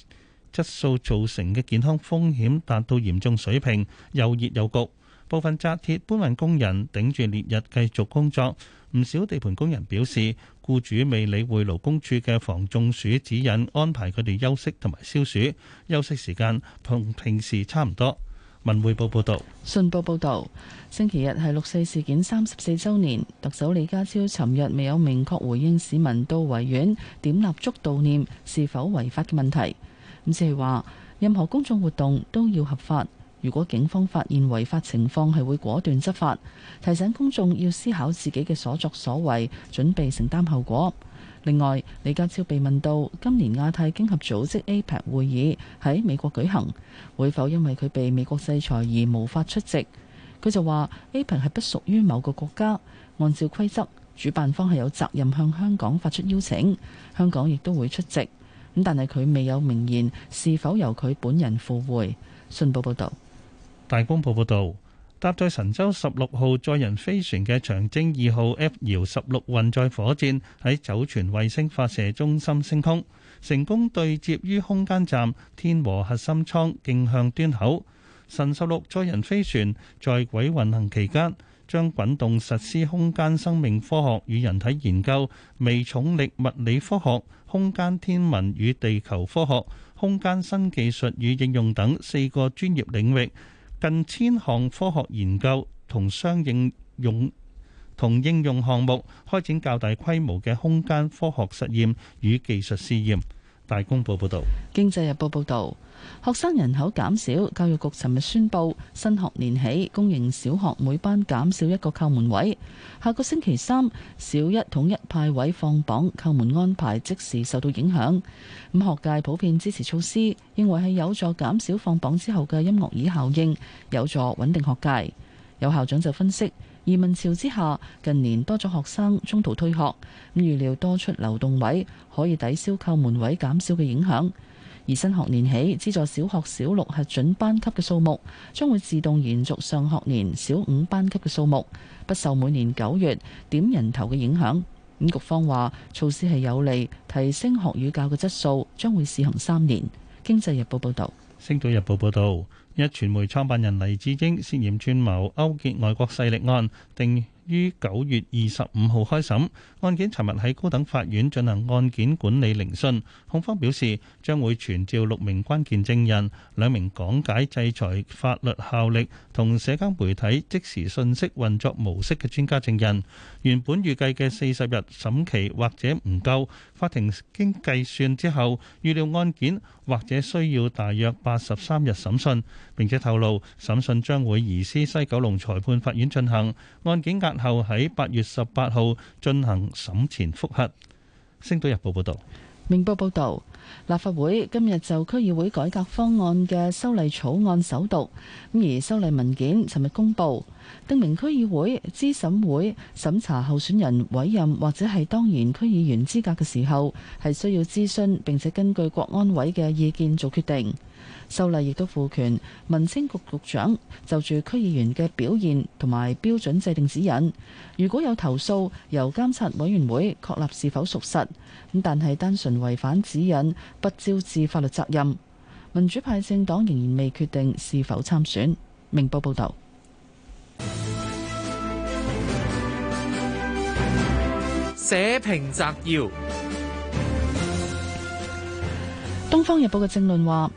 質素造成嘅健康風險達到嚴重水平，又熱又焗，部分紮鐵搬運工人頂住烈日繼續工作。唔少地盤工人表示，僱主未理會勞工處嘅防中暑指引，安排佢哋休息同埋消暑，休息時間同平時差唔多。文匯報報道：「信報報道，星期日係六四事件三十四周年，特首李家超尋日未有明確回應市民到維園點蠟燭悼念是否違法嘅問題。咁即係話，任何公眾活動都要合法。如果警方發現違法情況，係會果斷執法，提醒公眾要思考自己嘅所作所為，準備承擔後果。另外，李家超被問到今年亞太經合組織 APEC 會議喺美國舉行，會否因為佢被美國制裁而無法出席？佢就話 APEC 係不屬於某個國家，按照規則，主辦方係有責任向香港發出邀請，香港亦都會出席。咁但係佢未有明言是否由佢本人赴會。信報報道。大公報報道，搭載神舟十六號載人飛船嘅長征二號 F 遙十六運載火箭喺酒泉衛星發射中心升空，成功對接於空間站天和核心艙徑向端口。神十六載人飛船在軌運行期間，將滾動實施空間生命科學與人體研究、微重力物理科學、空間天文與地球科學、空間新技術與應用等四個專業領域。近千項科學研究同相應用同應用項目，開展較大規模嘅空間科學實驗與技術試驗。大公報報道。經濟日報報道。學生人口減少，教育局尋日宣布新學年起公營小學每班減少一個叩門位。下個星期三小一統一派位放榜，叩門安排即時受到影響。咁學界普遍支持措施，認為係有助減少放榜之後嘅音樂椅效應，有助穩定學界。有校長就分析，移民潮之下近年多咗學生中途退學，咁預料多出流動位，可以抵消叩門位減少嘅影響。而新學年起，資助小學小六核准班級嘅數目，將會自動延續上學年小五班級嘅數目，不受每年九月點人頭嘅影響。五局方話措施係有利提升學與教嘅質素，將會試行三年。經濟日報報道。星島日報報道，一傳媒創辦人黎智英涉嫌串謀勾結外國勢力案定，於九月二十五號開審，案件尋日喺高等法院進行案件管理聆訊。控方表示將會傳召六名關鍵證人，兩名講解制裁法律效力同社交媒體即時訊息運作模式嘅專家證人。原本預計嘅四十日審期或者唔夠。法庭經計算之後，預料案件或者需要大約八十三日審訊。並且透露，審訊將會移師西九龍裁判法院進行。案件押後喺八月十八號進行審前覆核。星島日報報道。明報報道。立法會今日就區議會改革方案嘅修例草案首讀，咁而修例文件尋日公布，訂明區議會資審會審查候選人委任或者係當然區議員資格嘅時候，係需要諮詢，並且根據國安委嘅意見做決定。修例亦都賦權，民政局局長就住區議員嘅表現同埋標準制定指引。如果有投訴，由監察委員會確立是否屬實。咁但係單純違反指引，不招致法律責任。民主派政黨仍然未決定是否參選。明報報導。社評摘要：《東方日報》嘅政論話。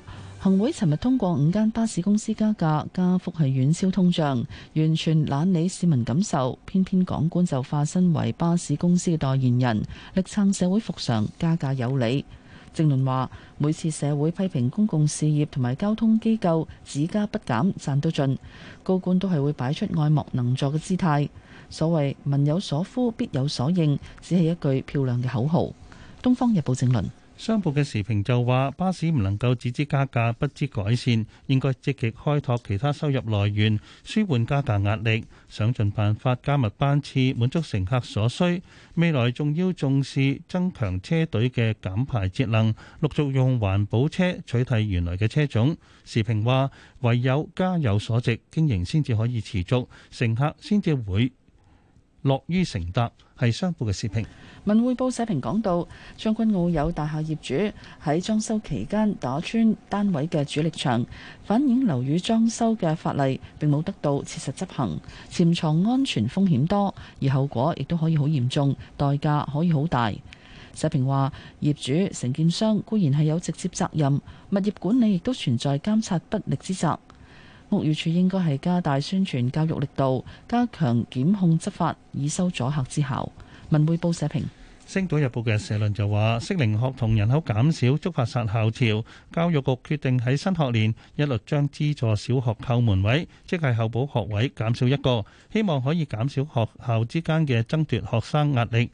行會尋日通過五間巴士公司加價，加幅係遠超通脹，完全懶理市民感受。偏偏港官就化身為巴士公司代言人，力撐社會服常加價有理。政論話：每次社會批評公共事業同埋交通機構，只加不減，賺到盡，高官都係會擺出愛莫能助嘅姿態。所謂民有所呼，必有所應，只係一句漂亮嘅口號。《東方日報》政論。商報嘅時評就話，巴士唔能夠只知加價不知改善，應該積極開拓其他收入來源，舒緩加價壓力，想盡辦法加密班次，滿足乘客所需。未來仲要重視增強車隊嘅減排節能，陸續用環保車取締原來嘅車種。時評話，唯有加有所值，經營先至可以持續，乘客先至會樂於承達係商報嘅視頻。文匯報社評講到，將軍澳有大廈業主喺裝修期間打穿單位嘅主力牆，反映樓宇裝修嘅法例並冇得到切實執行，潛藏安全風險多，而後果亦都可以好嚴重，代價可以好大。社評話，業主、承建商固然係有直接責任，物業管理亦都存在監察不力之責。教育處應該係加大宣傳教育力度，加強檢控執法，以收阻嚇之效。文匯報社評，《星島日報》嘅社論就話：適齡學童人口減少，觸發殺校潮，教育局決定喺新學年一律將資助小學扣門位，即係候補學位減少一個，希望可以減少學校之間嘅爭奪學生壓力。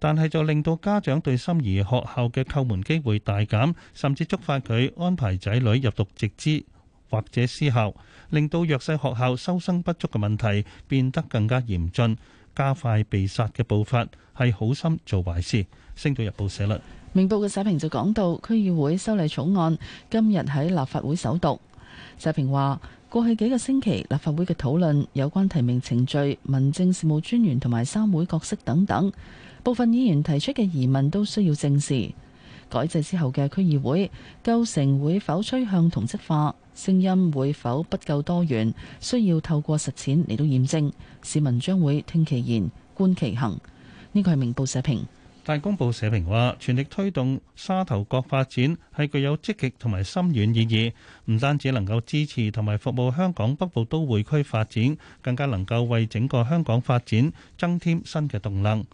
但係就令到家長對心儀學校嘅扣門機會大減，甚至觸發佢安排仔女入讀直資。或者私校，令到弱勢學校收生不足嘅問題變得更加嚴峻，加快被殺嘅步伐，係好心做壞事。星島日報社論，明報嘅社評就講到，區議會修例草案今日喺立法會首讀。社評話，過去幾個星期立法會嘅討論，有關提名程序、民政事務專員同埋三會角色等等，部分議員提出嘅疑問都需要正視。改制之後嘅區議會構成會否趨向同質化？聲音會否不夠多元？需要透過實踐嚟到驗證。市民將會聽其言，觀其行。呢個係明報社評。大公報社評話，全力推動沙頭角發展係具有積極同埋深遠意義，唔單止能夠支持同埋服務香港北部都會區發展，更加能夠為整個香港發展增添新嘅動能。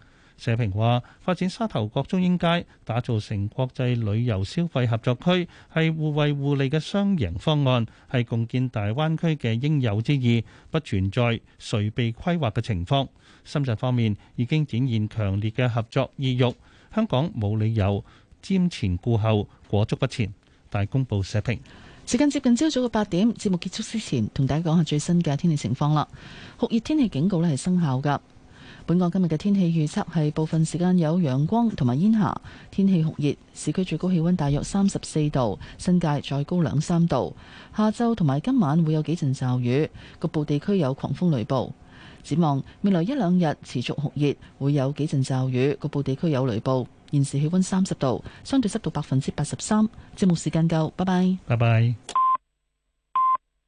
社評話：發展沙頭角中英街，打造成國際旅遊消費合作區，係互惠互利嘅雙贏方案，係共建大灣區嘅應有之義，不存在誰被規劃嘅情況。深圳方面已經展現強烈嘅合作意欲，香港冇理由瞻前顧後，裹足不前。大公報社評。時間接近朝早嘅八點，節目結束之前，同大家講下最新嘅天氣情況啦。酷熱天氣警告咧係生效噶。本港今日嘅天氣預測係部分時間有陽光同埋煙霞，天氣酷熱，市區最高氣溫大約三十四度，新界再高兩三度。下晝同埋今晚會有幾陣驟雨，局部地區有狂風雷暴。展望未來一兩日持續酷熱，會有幾陣驟雨，局部地區有雷暴。現時氣溫三十度，相對濕度百分之八十三，節目時間夠，拜拜，拜拜。